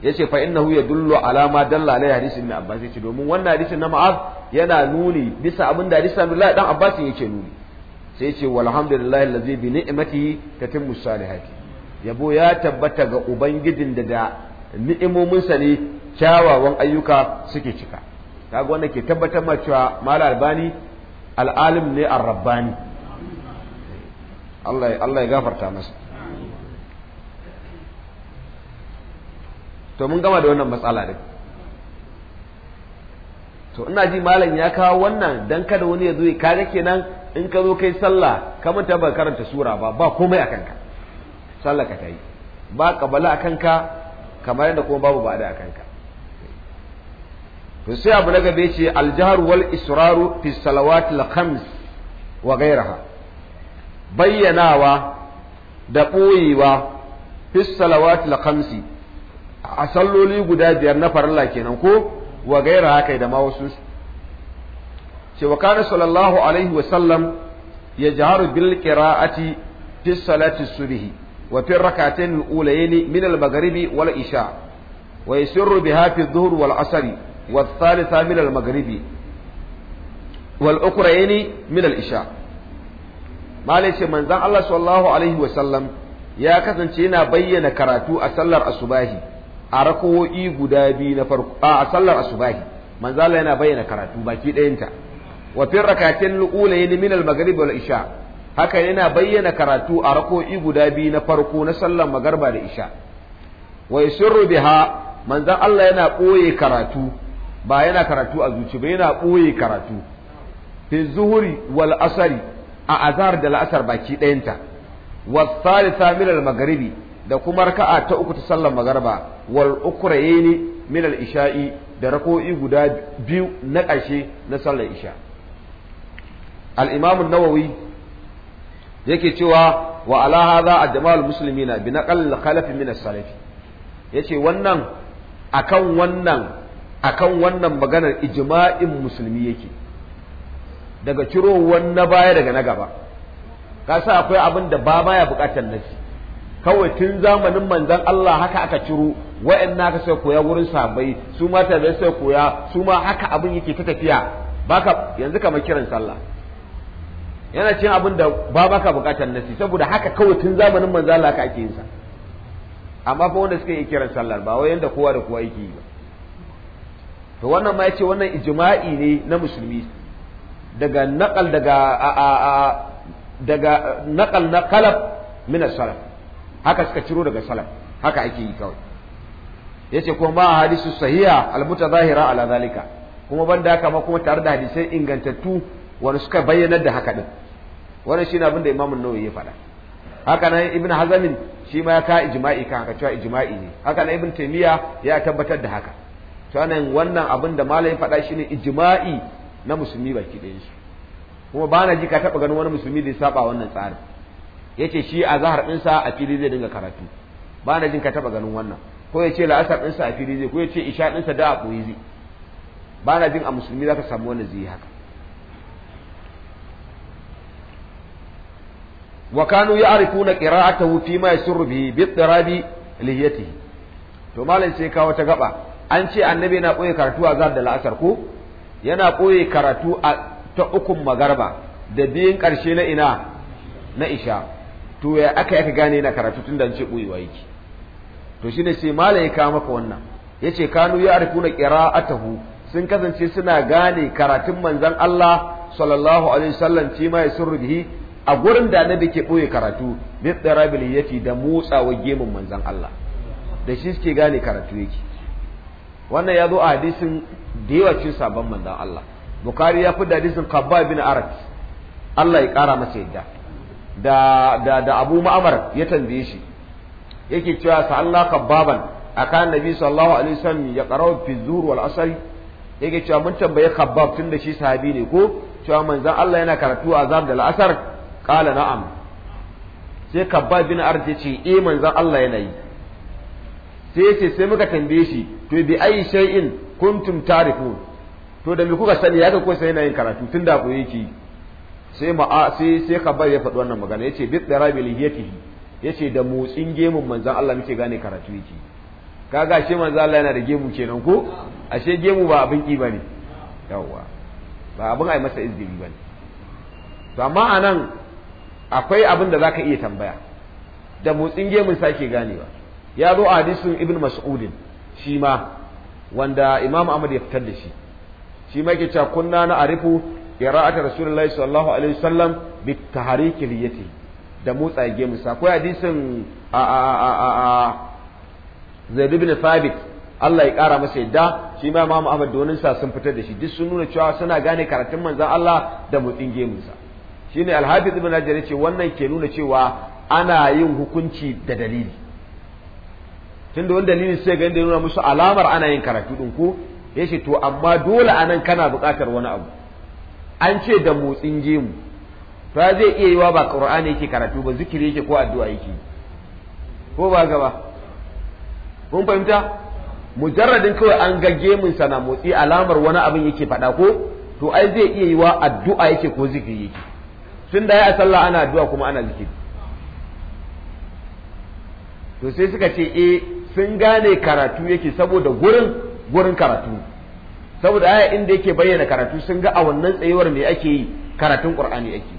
yace fa innahu yadullu ala ma dalla alai hadisi ibn abbas ce domin wannan hadisin na ma'az yana nuni bisa abin da hadisin Abdullah dan Abbas yake nuni sai ce walhamdulillahi lazi bi ni'matihi tatimmu salihati yabo ya tabbata ga ubangijin da da ni'imominsa ne kyawawan ayyuka suke cika kaga wannan ke tabbatar ma cewa mal albani al'alim ne arrabbani Allah Allah ya gafarta masa to mun gama da wannan matsala din to ina ji malam ya kawo wannan dan kada wani ya zo ya kaga kenan in ka zo kai sallah ka manta ba karanta sura ba ba komai a kanka sallah ka tayi ba kabala a kanka kamar yadda kuma babu ba'ada a kanka to sai abu na gaba ce aljahar wal israru fi salawatil khams wa gairaha bayyanawa da ɓoyewa fi salawatil khamsi a salloli guda biyar na farilla kenan ko wa gaira haka da ma wasu ce wa kana sallallahu alaihi wa sallam ya jaharu bil qira'ati fi salati subhi wa fi rak'atayn al-ulayayn min al-maghribi wal isha wa yusirru biha fi adh-dhuhr wal 'asr wa ath-thalitha min al-maghribi wal ukhrayn min al-isha malai ce manzon Allah sallallahu alaihi wa sallam ya kasance yana bayyana karatu a sallar asubahi a rakawo'i guda biyu na farko a sallar asubahi manzo yana bayyana karatu baki ɗayanta wa fi rakatin al-ulayn min al-maghrib wal isha haka yana bayyana karatu a rako'i guda biyu na farko na sallar magarba da isha wa yusirru biha Manzan Allah yana ɓoye karatu ba yana karatu a zuci ba yana ɓoye karatu fi zuhuri wal asari a azhar da la'asar baki ɗayanta wa thalitha min al-maghribi da kuma raka'a ta uku ta sallar magarba wal ukrayni min al isha'i da rako'i guda biyu na ƙarshe na sallar isha al imam an-nawawi yake cewa wa ala hadha ajmal muslimina bi naqal khalaf min as-salaf yace wannan akan wannan akan wannan maganar ijma'in musulmi yake daga cirowar na baya daga na gaba ka sa akwai abin da ba baya bukatar nafi kawai tun zamanin manzan Allah haka aka ciro wa'in aka sai koya wurin sabai su ma ta sai koya su ma haka abin yake ta tafiya baka yanzu kamar kiran sallah yana cin abin da ba baka bukatar nasi saboda haka kawai tun zamanin manzan Allah haka ake yin sa amma fa wanda suka yi kiran sallar ba wai yanda kowa da kowa yake yi ba to wannan ma yace wannan ijma'i ne na musulmi daga naqal daga daga naqal na qalab min as-salaf haka suka ciro daga salaf haka ake yi kawai yace kuma ba hadisu sahiha almutazahira ala zalika kuma banda haka ma kuma tare da hadisai ingantattu wanda suka bayyanar da haka din wannan shine abin da imamu nawawi ya faɗa haka nan Ibn Hazm shi ma ya ka ijma'i kan haka cewa ijma'i ne haka nan Ibn Taymiya ya tabbatar da haka to wannan abin da malamin faɗa shine ijma'i na musulmi baki ɗaya shi kuma ba na ji ka taɓa ganin wani musulmi da ya saba wannan tsarin yace shi a zahar ɗinsa a fili zai dinga karatu ba na jin ka taɓa ganin wannan ko ya ce la'asar ɗinsa a fili zai ko ya ce isha ɗinsa da a ɓoye zai ba na jin a musulmi za ka samu wani zai yi haka wa kanu ya'rifuna qira'atahu fi ma yasurru bihi bi rabi lihiyatihi to malam sai kawo ta gaba an ce annabi na ɓoye karatu a zahar da la'asar ko yana ɓoye karatu a ta ukun magarba da biyun ƙarshe na ina na isha to ya aka aka gane yana karatu tun da ce boyewa yake to shi shine sai kama ka maka wannan yace kanu ya na a tahu. sun kasance suna gane karatun manzan Allah sallallahu alaihi wasallam fi ma yasurru bihi a gurin da na ke boye karatu bi tsarabil yati da motsa wa gemun manzan Allah da shi suke gane karatu yake wannan ya zo a hadisin da yawa sabon manzan Allah Bukhari ya fi da hadisin Qabba bin Arat Allah ya ƙara masa yadda da da da Abu Ma'mar ya tambaye shi yake cewa sa Allah kabbaban akan Nabi sallallahu alaihi wasallam ya qara'u fi zuhur wal asr yake cewa mun tambaye kabab tun da shi sahabi ne ko cewa manzon Allah yana karatu azab da al'asar qala na'am sai kabab bin arj ya ce eh manzon Allah yana yi sai ya ce sai muka tambaye shi to bi ayi shay'in kuntum tarifun to da me kuka sani ya ga ko sai yana yin karatu tun da ku yake sai ma'a sai sai khabar ya faɗi wannan magana yace bi tsarabi lihiyatihi yace da motsin gemun manzon Allah muke gane karatu yake kaga shi manzon Allah yana da gemu kenan ko ashe gemu ba abin ki bane yawa ba abin ai masa izini bane to amma anan akwai abin da zaka iya tambaya da motsin gemun sake ganewa ya zo a hadisin ibn mas'udin shi ma wanda imam ahmad ya fitar da shi shi ma yake cewa kunna na arifu qira'at rasulullahi sallallahu alaihi wasallam bi tahrik liyati da motsa gemu musa. ko hadisin a a a a a Zaid ibn Thabit Allah ya kara masa yadda shi ma Imam Ahmad donin sa sun fitar da shi duk sun nuna cewa suna gane karatun manzon Allah da motsin gemu sa shine Al-Hafiz ibn Hajar yace wannan ke nuna cewa ana yin hukunci da dalili tunda wani dalili sai ga inda nuna musu alamar ana yin karatu din ko yace to amma dole anan kana buƙatar wani abu an ce da motsin gemu a zai iya yiwa ba qur'ani yake karatu ba zikiri yake ko addu'a yake ko ba gaba kun fahimta mujarradin kawai an ga gemunsa na motsi alamar wani abin yake faɗa ko to ai zai iya yiwa addu'a yake ko zikiri yake tun da ya sallah ana addu'a kuma ana zikiri to sai suka ce eh sun gane karatu yake saboda gurin gurin karatu saboda aya inda yake bayyana karatu sun ga a wannan tsayuwar me ake yi karatun qur'ani ake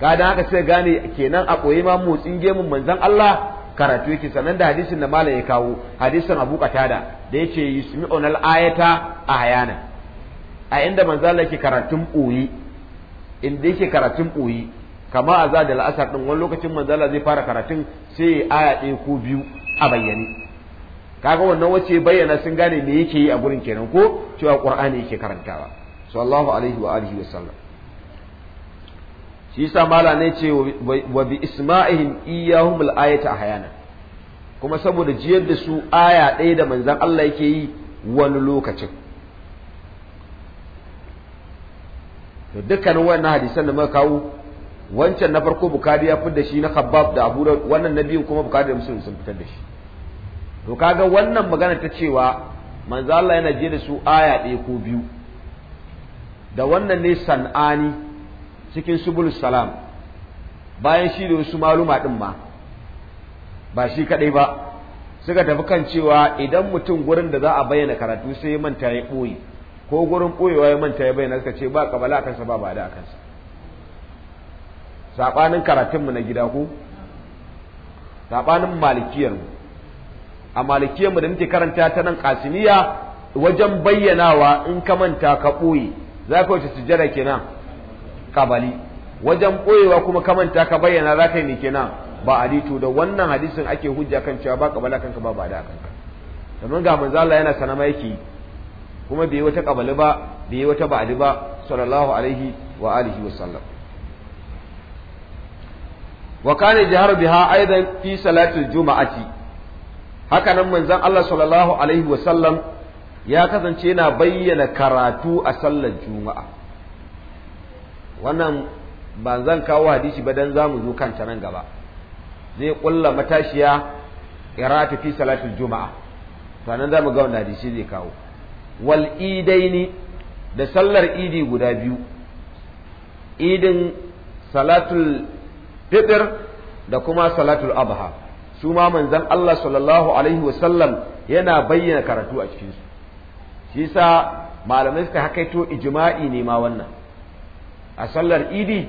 ka dan haka sai gane kenan a koyi ma motsin gemun manzon Allah karatu yake sanan da hadisin da malam ya kawo hadisin Abu Qatada da yace yusmi'un al-ayata ahyana a inda manzon Allah yake karatun ɓoye, inda yake karatun ɓoye kama a za da la'asar ɗin wani lokacin manzon Allah zai fara karatun sai aya ɗaya ko biyu a bayyane kaga wannan wace bayyana sun gane me yake yi a gurin kenan ko cewa qur'ani yake karantawa sallallahu alaihi wa alihi wa sallam shi yasa mala ne ce wa bi isma'ihim iyahum al-ayata ahyana kuma saboda jiyar da su aya ɗaya da manzan Allah yake yi wani lokacin to dukkanin wannan hadisan da muka kawo wancan na farko bukari ya fitar da shi na khabbab da abu wannan na biyu kuma bukari da muslim sun fitar da shi to kaga wannan magana ta cewa manzo Allah yana je da su aya ɗaya ko biyu da wannan ne san'ani cikin subul salam bayan shi da wasu maluma ɗin ma ba shi kaɗai ba suka tafi kan cewa idan mutum gurin da za a bayyana karatu sai manta ya ɓoye ko gurin ɓoyewa ya manta ya bayyana suka ce ba kabala a kansa ba ba da kansa saɓanin karatunmu na gida ko saɓanin malikiyarmu a malikiyar mu da muke karanta ta nan kasimiya wajen bayyanawa in ka manta ka ɓoye za ka wuce sujjada kenan kabali wajen ɓoyewa kuma ka manta ka bayyana za ka yi ne kenan ba a to da wannan hadisin ake hujja kan cewa ba kabala kanka ba ba da kanka domin ga manzo Allah yana sanama yake kuma bai wata kabali ba bai wata ba'adi ba sallallahu alaihi wa alihi wa sallam wa kana jihar biha aidan fi salatul juma'ati haka nan manzon Allah sallallahu alaihi wasallam ya kasance yana bayyana karatu a sallar juma'a wannan ba zan kawo hadisi ba dan zamu zo kanta nan gaba zai kulla matashiya iratu fi salatul juma'a to nan zamu ga wannan hadisi zai kawo wal idaini da sallar idi guda biyu idin salatul fitr da kuma salatul adha su ma manzan Allah sallallahu alaihi wasallam yana bayyana karatu a cikin su shi sa malamai suka haƙaito ijma'i ne ma wannan a sallar idi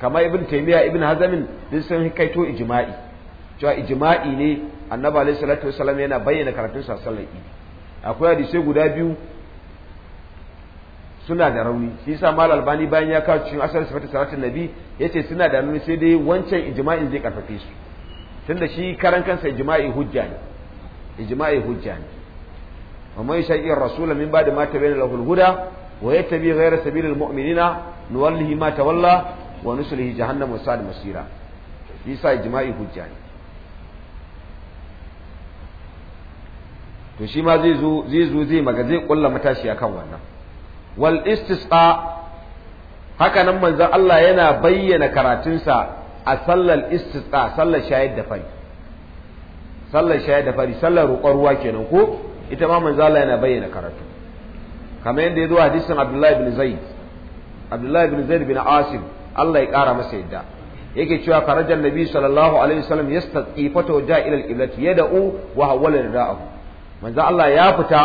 kamar ibn taymiya ibn hazamin duk sun hakaito ijma'i cewa ijma'i ne annabi alaihi salatu wasallam yana bayyana karatun sa sallar idi akwai hadisai guda biyu suna da rauni shi sa mal albani bayan ya kawo cikin asar sifatu salatin nabi yace suna da rauni sai dai wancan ijma'in zai karfafe su Tun da shi karan kansa ijma'i hujja ne ijma'i hujja ne wa man yashaqi ar-rasula min ba'di ma tabayyana lahu al-huda wa yattabi ghayra sabili al-mu'minina nuwallihi ma tawalla wa nuslihi jahannam wa sa'at masira yasa ijma'i hujja ne to shi ma zai zo zai zo zai maga zai kulla matashi akan wannan wal istisqa haka nan manzon Allah yana bayyana karatunsa a sallar istitsa sallar shayar da fari sallar shayar da fari sallar roƙon ruwa kenan ko ita ma manzo Allah yana bayyana karatu kamar yadda ya zo hadisin Abdullahi ibn Zaid Abdullahi ibn Zaid bin Asim Allah ya ƙara masa yadda yake cewa karajan nabi sallallahu alaihi wasallam yastaqi fato ja ila al-qiblati yad'u wa hawala rida'ahu manzo Allah ya fita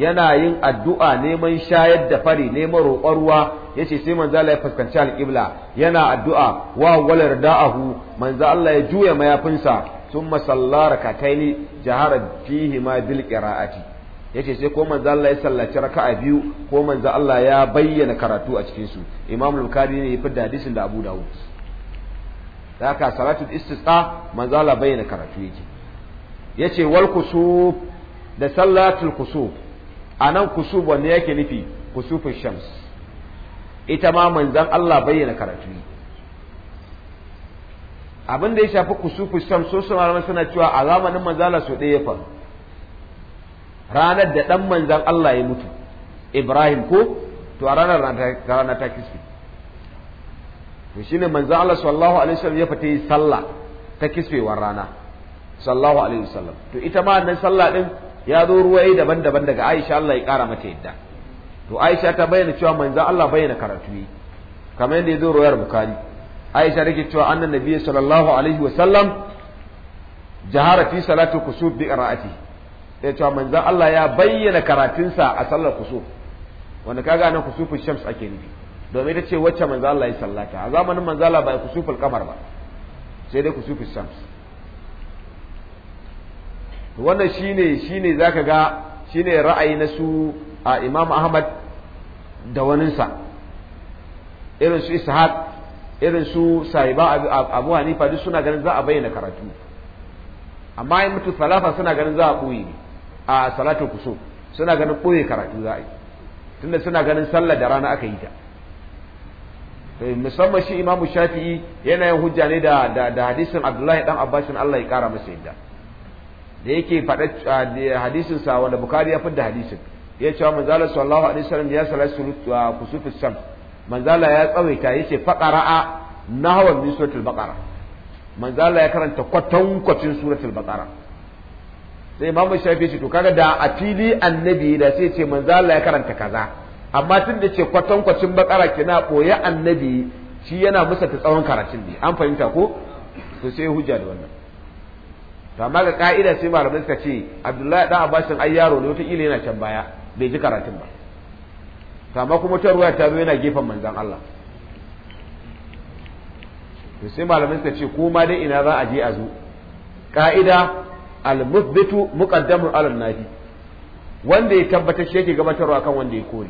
yana yin addu'a neman shayar da fari neman roƙon ruwa yace sai manzo Allah ya fuskanci alqibla yana addu'a wa walar da'ahu manzo Allah ya juya mayafinsa thumma salla rakataini jahara fihi ma bil qira'ati yace sai ko manzo Allah ya sallaci raka'a biyu ko manzo Allah ya bayyana karatu a cikin su Imam Bukhari ne ya fidda hadisin da Abu Dawud da haka istisqa manzo Allah bayyana karatu yake yace wal kusuf da sallatul kusuf anan kusuf wanne yake nufi kusufin shams ita ma manzan Allah bayyana karatu abin da ya shafi kusufu sam so su malamai suna cewa a zamanin manzala so ɗaya ya faru ranar da ɗan manzan Allah ya mutu Ibrahim ko to a ranar ranar ta kisfi to shine manzan Allah sallallahu alaihi wasallam ya fita yi sallah ta kisfewar rana sallallahu alaihi wasallam to ita ma nan sallah din ya zo ruwaye daban-daban daga Aisha Allah ya kara mata yadda to Aisha ta bayyana cewa manzon Allah bayyana karatu ne. kamar yadda ya zo royar Bukhari Aisha take cewa annan nabiyyi sallallahu alaihi wa sallam jahara fi salati kusuf bi qira'ati ya cewa manzon Allah ya bayyana karatunsa a sallar kusuf wanda kaga nan kusufu shams ake nufi domin ita ce wacce manzo Allah ya sallata a zamanin manzo Allah ba kusuful kamar ba sai dai kusufu shams wannan shine shine zaka ga shine ra'ayi na su a imam ahmad da waninsa irin su ishaq irin su sahiba abu hanifa duk suna ganin za a bayyana karatu amma in mutu salafa suna ganin za a ɓoye a salatu kuso suna ganin ɓoye karatu za a yi tunda suna ganin sallah da rana aka yi ta eh, musamman shi imamu shafi'i yana yin hujja ne da da hadisin abdullahi dan abbasin allah ya kara masa yadda da yake faɗa hadisin sa wanda bukari ya da hadisin ya wa manzala sallallahu alaihi wasallam ya sala surutu kusufis sam manzala ya tsawaita yace faqara nahwa min suratul baqara manzala ya karanta kwatan kwatin suratul baqara sai imamu shafi ce to kaga da a fili annabi da sai ce manzala ya karanta kaza amma tun da ce kwatan kwatin baqara kina boye annabi shi yana musa ta tsawon karatun ne an fahimta ko to sai hujja da wannan to amma ga ka'ida sai malamin suka ce Abdullahi dan Abbasin ayyaro ne wata yana can baya bai ji karatun ba kama kuma ta ruwa ta zo yana gefen manzan Allah to sai malamin ta ce ko ma dai ina za a je a zo ka'ida al-muthbitu muqaddamun ala nafi wanda ya tabbatar shi yake gabatarwa kan wanda ya kore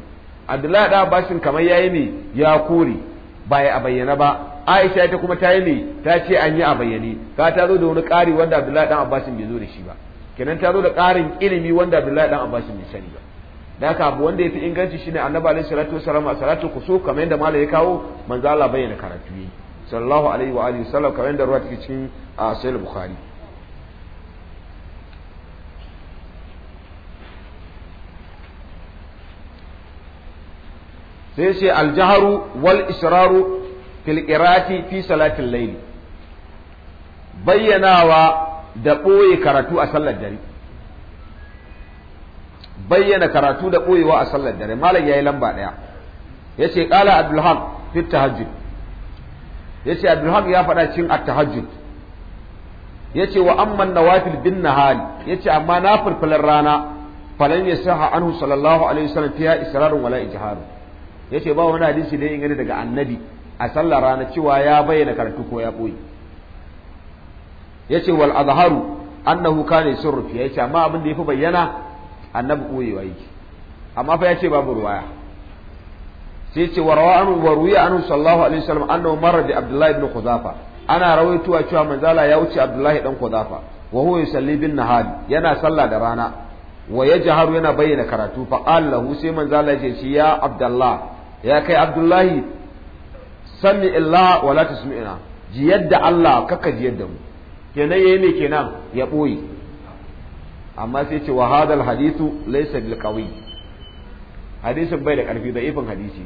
Abdullahi da bashin kamar yayi ne ya kore ba ya bayyana ba Aisha ita kuma ta yi ne ta ce an yi a bayyane ka ta zo da wani ƙari wanda Abdullahi dan Abbasin bai zo da shi ba kenan ta zo da ƙarin ilimi wanda Abdullahi dan Abbasin bai sani ba da haka abu wanda yafi inganci shine annabi alaihi salatu wasallam a salatu kusu kamar yadda malai ya kawo manzo Allah bayyana karatu yi sallallahu alaihi wa alihi wasallam kamar yadda ruwa take cikin sahih bukhari sai sai aljaharu wal israru fil qirati fi salatil layl bayyanawa da ɓoye karatu a sallar dare bayyana karatu da ɓoyewa a sallar dare malam yayi lamba ɗaya yace qala abdulhaq fi tahajjud yace abdulhaq ya faɗa cikin at-tahajjud yace wa amma nawafil bin Ya yace amma na farfalar rana falan ya saha anhu sallallahu alaihi wasallam fiya israrun wala ijharu yace ba wani hadisi da ya ingani daga annabi a sallar rana cewa ya bayyana karatu ko ya boye yace wal azharu annahu kana Ya ce amma abin da ya fi bayyana annabi koyewa yake amma fa ya babu ruwaya sai ce wa rawa anhu wa ruwiya anhu sallallahu alaihi wasallam annahu marra bi abdullahi ibn khuzafa ana rawaituwa cewa manzala ya wuce abdullahi dan khuzafa wa huwa yusalli bin nahar yana sallah da rana wa yajharu yana bayyana karatu fa qala lahu sai manzala ya shi ya abdullah ya kai abdullahi sami illa wa la ji yadda Allah kaka ji yadda mu kenan yayi me kenan ya boye amma sai ce wa hadal hadithu laysa bil qawi hadisin bai da karfi da ifin hadisi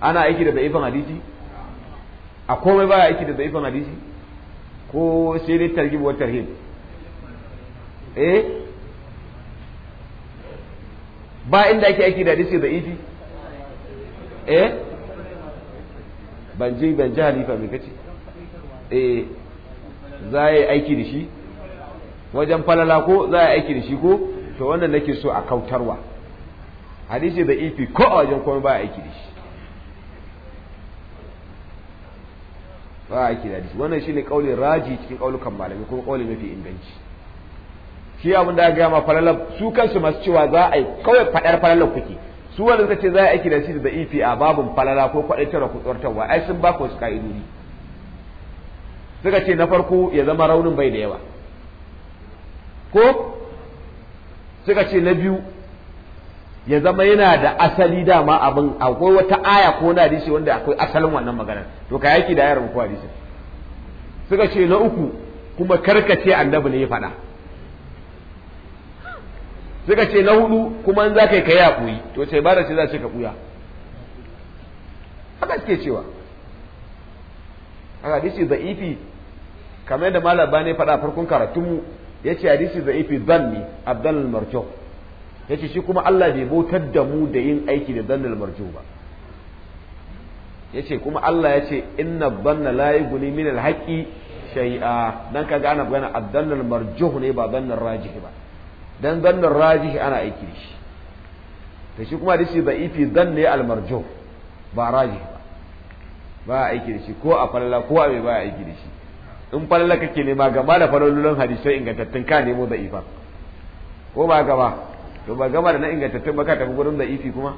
ana aiki da ifin hadisi a komai baya aiki da ifin hadisi ko sai dai targhib wa tarhib eh ba inda ake aiki da hadisi da ifi eh ban je ban ji halifa me kace eh za yi aiki da shi wajen falala ko za a aiki da shi ko to wannan nake so a kautarwa hadisi da ifi ko a wajen komai ba a aiki da shi ba a aiki da shi. wannan shine kaulin raji cikin kaulukan malami kuma kauli mafi inganci shi abin da ga ma falala su kansu masu cewa za a yi kawai fadar falalar kuke su wanda suka ce za a aiki da shi da ifi a babun falala ko kwadaitarwa ko tsortarwa ai sun ba ku wasu ka'idodi suka ce na farko ya zama raunin bai da yawa ko suka ce na biyu ya zama yana da asali dama abin akwai wata aya ko na hadisi wanda akwai asalin wannan magana to ka yaki da ayar ko hadisi suka ce na uku kuma karkace annabi ne ya faɗa suka ce na hudu kuma in za ka yi ka yi to sai ba da ce za ce ka buya haka suke cewa a hadisi da ifi kamar yadda malaba ne faɗa farkon karatunmu yace hadisi da'ifi dhanni abdal marjuh yace shi kuma Allah bai bautar da mu da yin aiki da dhanil marjuh ba yace kuma Allah yace inna dhanna la yughni min al haqqi shay'a dan kaga ana magana ad-dhanil marjuh ne ba dhanil rajih ba dan dhanil rajih ana aiki da shi to shi kuma hadisi da'ifi dhanni al marjuh ba rajih ba ba aiki da shi ko a falla ko a bai ba aiki da shi in falala kake nema gama da falalolin hadisai ingantattun ka nemo da ifa ko ba gaba to ba gama da na ingantattun ba ka tafi gurin da ifi kuma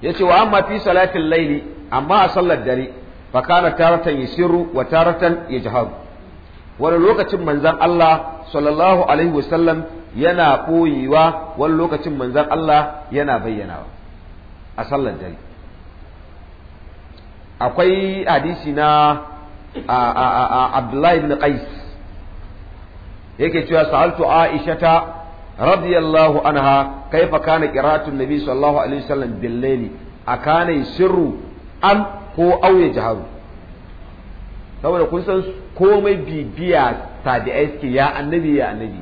ce wa amma fi salatin laili amma a sallar dare fa kana taratan yasiru wa taratan yajharu wani lokacin manzon Allah sallallahu alaihi wasallam yana koyewa wani lokacin manzon Allah yana bayyanawa a sallar dare akwai hadisi na Abdullahi ibn Qais yake cewa sa'altu Aisha radiyallahu anha kaifa kana qira'atu nabi sallallahu alaihi wasallam bil layli akana sirru am ko auye jaharu saboda kun san komai bibiya tabi'ai suke ya annabi ya annabi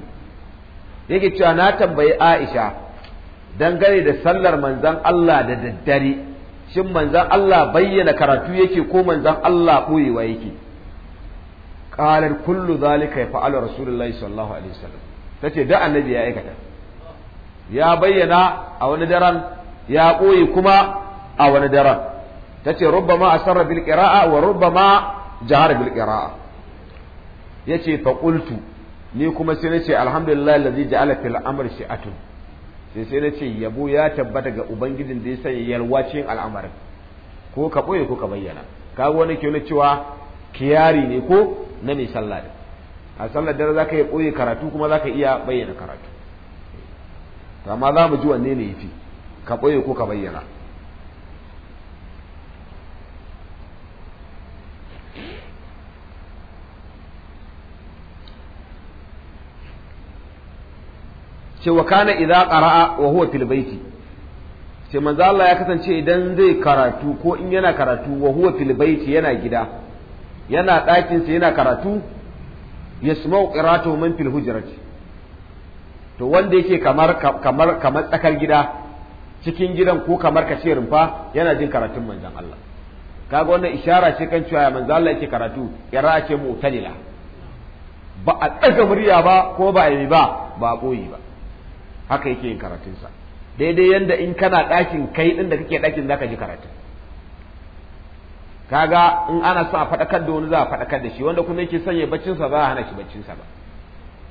yake cewa na tambayi Aisha dangane da sallar manzon Allah da daddare shin manzan Allah bayyana karatu yake ko manzan Allah ɓoyewa yake qalar kullu zalika yaf'alu rasulullahi sallallahu alaihi wasallam tace da annabi ya aikata ya bayyana a wani daren ya ɓoye kuma a wani daren tace rubbama asarra bil qira'a wa rubbama jahara bil qira'a yace fa qultu ni kuma sai nace alhamdulillah allazi ja'ala fil amri shi'atun sai sai na ce yabo ya tabbata ga ubangijin da ya sanya yalwacin al'amarin ko ka ɓoye ko ka bayyana kaga wani ke cewa kiyari ne ko na mai sallah da a sallar dare za ka iya ɓoye karatu kuma za ka iya bayyana karatu amma za mu ji wanne ne yafi ka ɓoye ko ka bayyana ce wa kana idza qara'a wa huwa fil baiti ce manzo Allah ya kasance idan zai karatu ko in yana karatu wa huwa fil baiti yana gida yana ɗakin sa yana karatu yasma'u qira'atu min fil hujrati to wanda yake kamar kamar kamar tsakar gida cikin gidan ko kamar kace rumfa yana jin karatun manzon Allah kaga wannan ishara ce kan cewa manzo Allah yake karatu qira'a ce ba a ɗaga murya ba ko ba a yi ba ba a ba haka yake yin karatunsa daidai yanda in kana ɗakin kai ɗin da kake ɗakin zaka ji karatun kaga in ana son a faɗakar da wani za a faɗakar da shi wanda kuma yake sanya baccinsa ba a hana shi baccinsa ba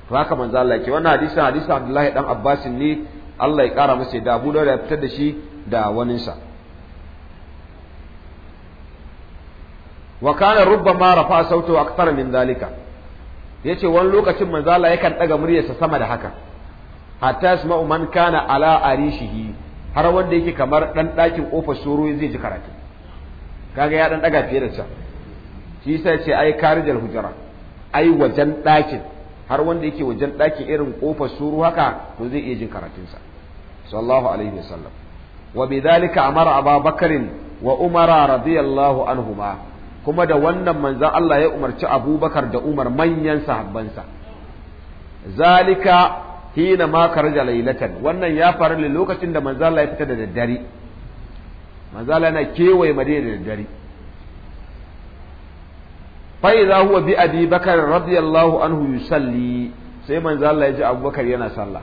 to haka manzo Allah yake wannan hadisin hadisin Abdullahi dan Abbas ne Allah ya kara masa da Abu Dawud ya fitar da shi da sa. wa kana rubbama rafa sautu aktar min zalika yace wani lokacin manzo Allah yakan daga muryarsa sama da haka hatta yasma'u man kana ala arishihi har wanda yake kamar dan dakin ofis soro zai ji karatu kaga ya dan daga fiye da can shi yasa ce ai karijal hujara ai wajen dakin har wanda yake wajen dakin irin ofis suru haka to zai iya jin karatunsa sallallahu alaihi wasallam wa bidhalika amara ababakarin wa umara radiyallahu anhuma kuma da wannan manzon Allah ya umarci abubakar da umar manyan sahabbansa zalika hina ma kharaja Lailatan, wannan ya faru ne lokacin da manzo Allah ya fita da daddare manzo Allah yana kewaye madina da daddare fa idza huwa bi abi bakar radiyallahu anhu yusalli sai manzo Allah ya ji abubakar yana sallah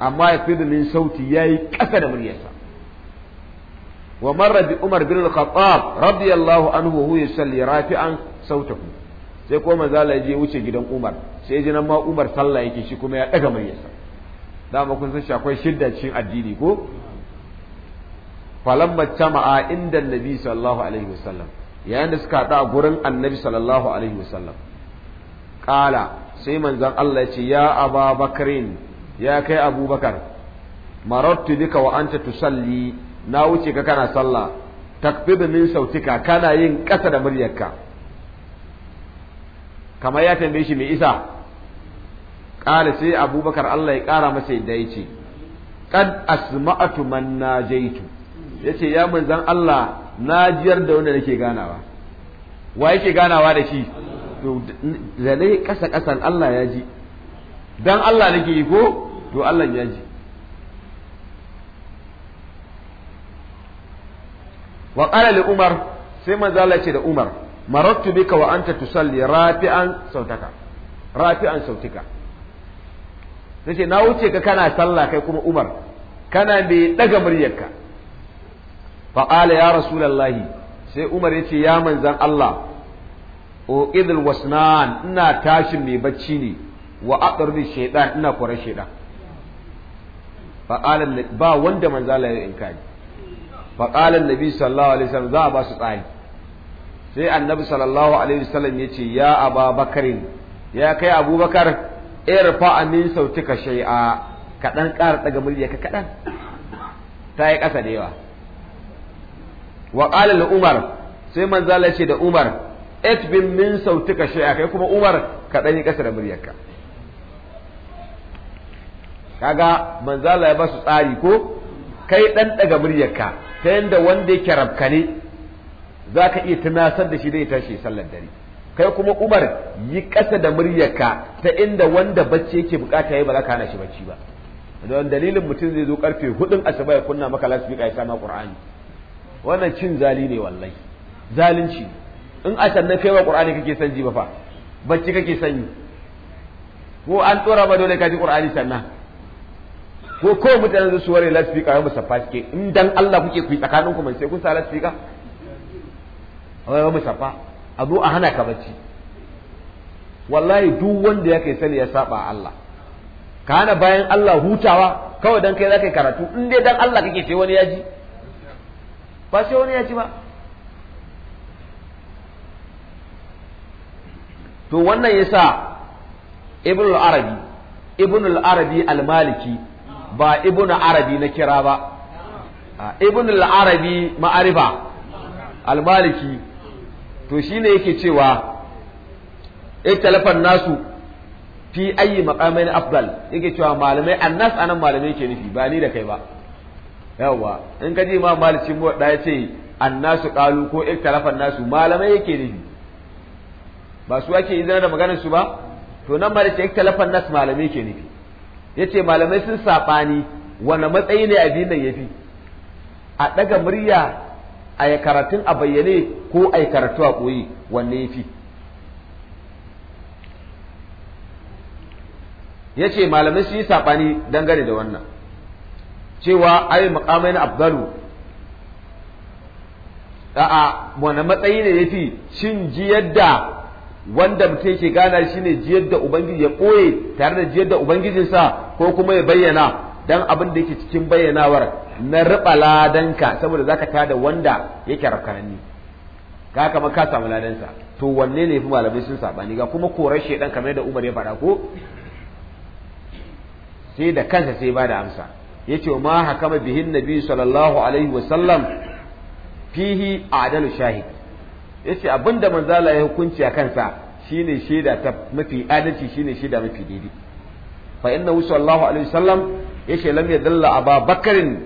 amma ya fi min sauti yayi kasa da muryarsa wa marra bi umar bin al-khattab radiyallahu anhu wa huwa yusalli rafi'an sautahu sai ko manzo Allah je wuce gidan Umar sai ji nan ma Umar sallah yake shi kuma ya daga mai dama kun san shakwai shidda cikin addini ko falamma tama'a inda annabi sallallahu alaihi wasallam yayin da suka haɗu a gurin annabi sallallahu alaihi wasallam qala sai manzon Allah ya ce ya Bakrin ya kai abubakar marattu bika wa anta tusalli na wuce ka kana sallah takbibu min sautika kana yin ƙasa da muryarka kamar ya tambaye shi mai isa ƙara sai abubakar Allah ya ƙara masa yadda ya ce kad asma'atu man najaitu yace ya manzan Allah na jiyar da wanda nake ganawa wa yake ganawa da shi to da kasa kasan Allah ya ji dan Allah nake yi ko to Allah ya ji wa qala li Umar sai manzan Allah ce da Umar marattu bika wa anta tusalli rafi'an sautaka rafi'an sautika nace na wuce ka kana sallah kai kuma Umar kana mai daga muryarka fa qala ya rasulullahi sai Umar yace ya manzan Allah o idil wasnan ina tashin mai bacci ne wa aqrni shaytan ina kore shaytan fa qala ba wanda manzala ya inkari fa qala annabi sallallahu alaihi wasallam za a ba su tsari sai annabi sallallahu alaihi wasallam ya ce ya Bakarin ya kai abubakar irfa min sauti shai a kaɗan ƙara daga murya ka kaɗan ta yi ƙasa da yawa wa qala umar sai manzala ce da umar bin min sauti shai a kai kuma umar kaɗan yi ƙasa da muryarka kaga manzala ya ba su tsari ko kai ɗan daga muryarka ta yadda wanda ya kyarabka ne? za ka iya tunasar da shi zai tashi sallar dare kai kuma umar yi ƙasa da muryarka ta inda wanda bacci yake bukata ya ba za ka hana shi bacci ba don dalilin mutum zai zo karfe hudun asuba ya kunna maka lasfika ya sama qur'ani wannan cin zali ne wallahi zalunci in a sannan kai wa qur'ani kake son ji ba fa bacci kake son yi ko an tsora ba dole ka ji qur'ani sannan ko ko mutane su ware lasfika ya musa faske in dan Allah kuke ku tsakaninku mai sai kun sa lasfika wai mu safa a zo a hana ka bacci wallahi duk wanda ya kai sani ya saba Allah ka hana bayan Allah hutawa kawai dan kai za kai karatu in dai dan Allah kake sai wani ya ji ba sai wani ya ji ba to wannan yasa ibnu al-arabi ibnu al-arabi al-maliki ba ibnu arabi na kira ba ah, ibnu al-arabi ma'arifa al-maliki to shi ne yake cewa ikhtalafan eh, nasu fi ayi maqamain afdal yake cewa malamai annas anan malamai ke nufi ba ni da kai ba yawwa in ka ji ma malik shi mu da yace annasu qalu ko ikhtalafan eh, nasu malamai yake nufi ba su ake zana da maganar su ba to nan ma da ce ikhtalafan eh, nas malamai ke nufi yace malamai sun sabani wani matsayi ne addinin yafi a daga murya a yi karatun a bayyane ko a yi karatu a ɓoye wanne ya fi ya ce malamai su yi saɓani dangane da wannan cewa ai makamai na abdalu a'a wani matsayi ne ya fi shin jiyar da wanda mutum ke gana shi ne jiyar da ubangiji ya ɓoye tare da jiyar da ubangijinsa ko kuma ya bayyana dan abin da yake cikin bayyanawar na riba ladanka saboda zaka tada wanda yake rakani ka kama ka samu ladansa to wanne ne fi malamai sun sabani ga kuma korar shedan kamar da Umar ya faɗa ko sai da kansa sai ba da amsa yace ma hakama bihin nabi sallallahu alaihi wasallam fihi adalu shahid yace abinda Allah ya hukunci a kansa shine shaida ta mafi adalci shine shaida mafi daidai fa innahu sallallahu alaihi wasallam yace lam yadalla aba bakarin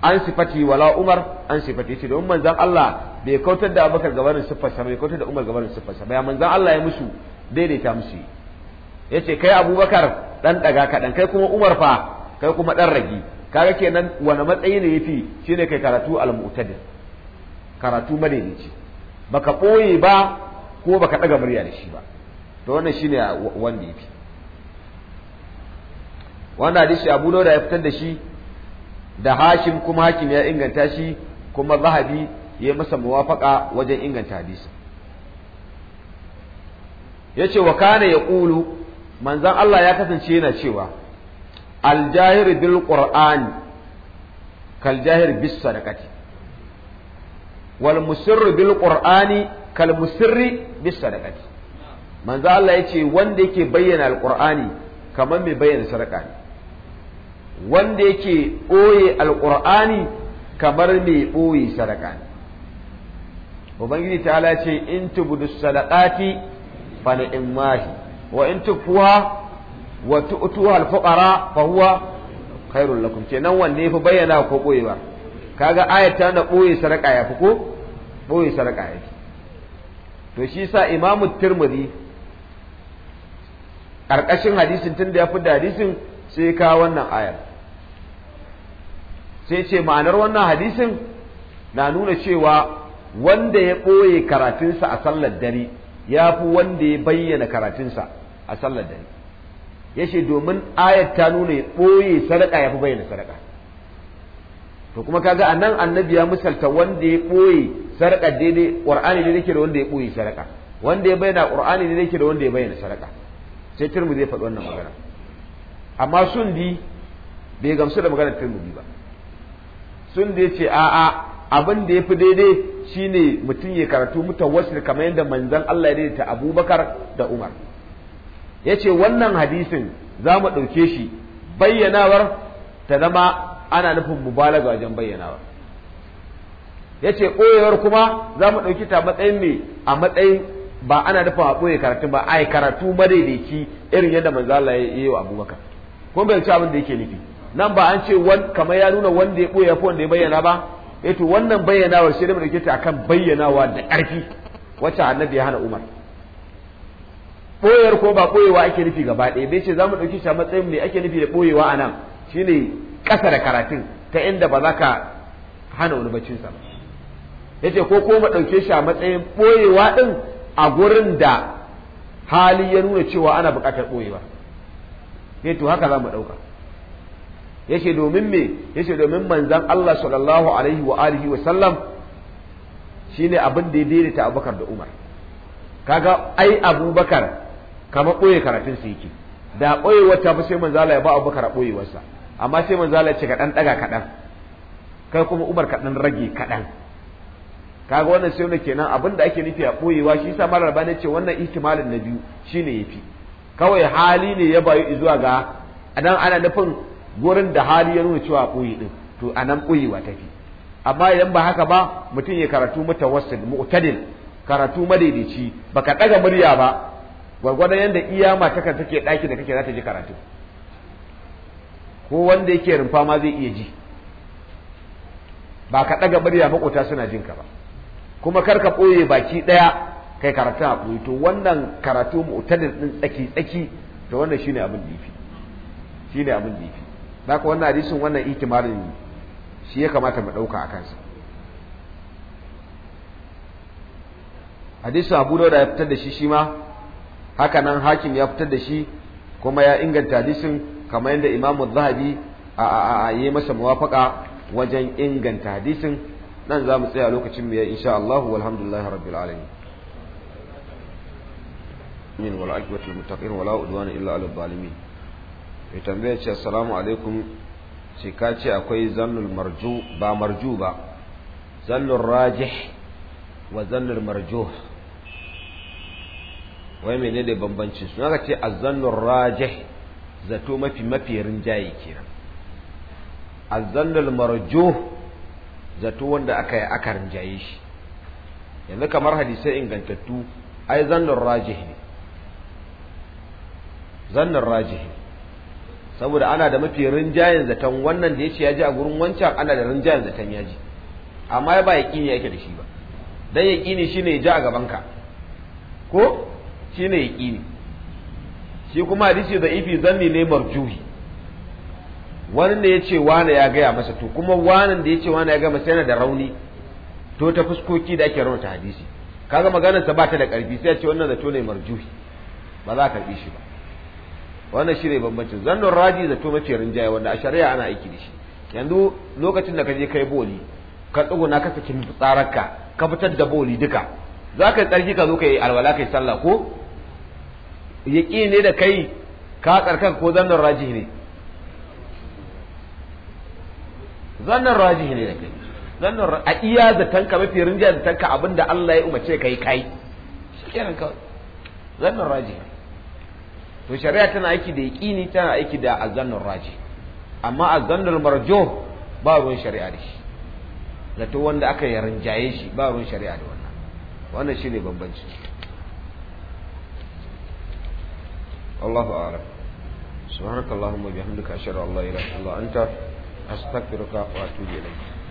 an sifati wala umar an sifati yace don manzan Allah bai kautar da abubakar gabanin siffarsa bai kautar da umar gabanin siffarsa ba ya zan Allah ya musu daidaita musu yace kai abubakar dan daga kaɗan kai kuma umar fa kai kuma dan ragi kaga kenan wani matsayi ne yafi shine kai karatu al-mu'tadil karatu madaidaici baka ɓoye ba ko baka ɗaga murya da shi ba to wannan shine wanda yafi Wani hadisi abu da ya fitar da shi da hashim kuma hakim ya inganta shi kuma zahabi ya masa muwafaka wajen inganta hadisi ya ce wa kana ya ƙulu manzan Allah ya kasance yana cewa aljahir bil qur'ani kal jahir bis sadaqati wal musirri bil qur'ani kal musirri bis sadaqati Manzan Allah ya ce wanda yake bayyana al alqur'ani kamar mai bayyana sadaka ne wanda yake ɓoye alƙur'ani kamar mai ɓoye sadaka ne ubangiji ta ce in tubudu sadaqati fa mahi. wa in kuwa wa tu'tuha al-fuqara fa huwa khairul lakum kenan wanne fi bayyana ko ɓoyewa kaga ayata na ɓoye sadaka ya fi ko ɓoye sadaka ya fi to shi sa imamu tirmidhi ƙarƙashin hadisin tun da ya fi da hadisin sai ka wannan ayar sai ce ma'anar wannan hadisin na nuna cewa wanda ya ɓoye karatunsa a sallar dare ya fi wanda ya bayyana karatunsa a sallar dare ya ce domin ayat ta nuna ya ɓoye sadaka ya fi bayyana sadaka to kuma kaga a nan annabi ya misalta wanda ya ɓoye sadaka daidai ƙur'ani ne yake da wanda ya ɓoye sadaka wanda ya bayyana ƙur'ani ne yake da wanda ya bayyana sadaka sai turmi zai faɗi wannan magana amma bi bai gamsu da maganar turmi ba sun da ya ce a'a abin da ya fi daidai shine mutum ya karatu mutawassil kamar yadda manzan Allah ya daidaita Abubakar da Umar Ya ce wannan hadisin za mu ɗauke shi bayyanawar ta zama ana nufin mubalaga wajen bayyanawar ce koyewar kuma za mu ɗauki ta matsayin ne a matsayin ba ana nufin a ɓoye karatu ba a karatu madaidaici irin yadda manzan Allah ya yi wa Abubakar kuma bai ci abin da yake nufi nan ba an ce kamar ya nuna wanda ya ɓoye yafi wanda ya bayyana ba eh to wannan bayyanawar shi da mu ta akan bayyanawa da ƙarfi wacce annabi ya hana Umar ɓoyar ko ba ɓoyewa ake nufi gaba ɗaya bai ce za mu ɗauki shi a matsayin mai ake nufi da ɓoyewa a nan shine ƙasa da karatun ta inda ba za ka hana wani bacci sa ba yace ko ko mu ɗauke shi a matsayin ɓoyewa ɗin a gurin da hali ya nuna cewa ana buƙatar ɓoyewa eh to haka za mu ɗauka yace domin me yace domin manzan Allah sallallahu alaihi wa alihi wa sallam shine abin da ya daidaita Abubakar da Umar kaga ai Abubakar kamar boye karatun sa yake da boye wata fa sai manzo Allah ya ba Abubakar sa amma sai manzo Allah ya ce ka dan daga kadan kai kuma Umar ka dan rage kadan kaga wannan sai kenan abin da ake nufi a koyewa shi sa malar bane ce wannan ihtimalin na biyu shine yafi kawai hali ne ya bayu zuwa ga dan ana nufin gurin da hali ya nuna cewa ɓoyi ɗin to a nan ɓoyewa tafi amma idan ba haka ba mutum ya karatu mata wasu mu'tadil karatu madaidaici baka ɗaga murya ba gwargwadon yadda iya matakan take ɗaki da kake za ta ji karatu ko wanda yake rumfa ma zai iya ji ba ka ɗaga murya makota suna jin ka ba kuma kar ka ɓoye baki ɗaya kai karatu a ɓoye to wannan karatu mu'tadil ɗin tsaki tsaki to wannan shine abin da yafi shine abin da yafi Da haka wannan hadisin wannan ikimalin shi ya kamata mu ɗauka a kansa hadisin Abu Dawud ya fitar da shi shi ma haka nan hakim ya fitar da shi kuma ya inganta hadisin kamar yadda Imam Zahabi a yi masa muwafaka wajen inganta hadisin nan za mu tsaya lokacin mu ya insha Allah walhamdulillahi rabbil alamin min wal muttaqin wala udwana illa alal zalimin ya tambaya ce assalamu alaikum ce ka ce akwai zannul marju ba marju ba zannul rajih wa zannul marju wai ne bambancin su ka ce azzannul rajih zato mafi mafi rinjaye kenan azzannul marju zato wanda aka yi aka rinjaye shi yanzu kamar hadisai ingantattu ai zannul rajih ne zannul rajih saboda ana da mafi rinjayen zaton wannan da ya ce ya ji a gurin wancan ana da rinjayen zaton ya ji amma ba ya kini yake da shi ba dan ya kini ne ya ji a gaban ka ko ne ya kini shi kuma hadisi da ifi zanni ne marjuhi wani ne ya ce wani ya gaya masa to kuma wani da ya ce wani ya gaya masa yana da rauni to ta fuskoki da ake raunata hadisi kaga maganarsa ba ta da ƙarfi sai a ce wannan zato ne marjuhi ba za a karɓi shi ba wannan shi ne bambancin zannun raji zato mafi rinjaye wanda a shari'a ana aiki da shi yanzu lokacin da ka je kai boli ka tsuguna ka saki tsararka ka fitar da boli duka za ka tsarki ka zo ka yi alwala yi sallah ko yaƙi ne da kai ka tsarkan ko zannan raji ne zannan raji ne da kai zannan a iya zaton ka mafi rinjaye zaton ka abinda Allah ya umarce kai kai shi kenan kawai zannan raji ne to shari'a tana aiki da yaqini tana aiki da azannur raji amma azannur marjo ba ruwan shari'a da shi zato wanda aka yarinjaye shi ba ruwan shari'a da wannan wannan shine bambanci Allahu a'lam subhanakallahumma bihamdika ashhadu an la ilaha illa anta astaghfiruka wa atubu ilayk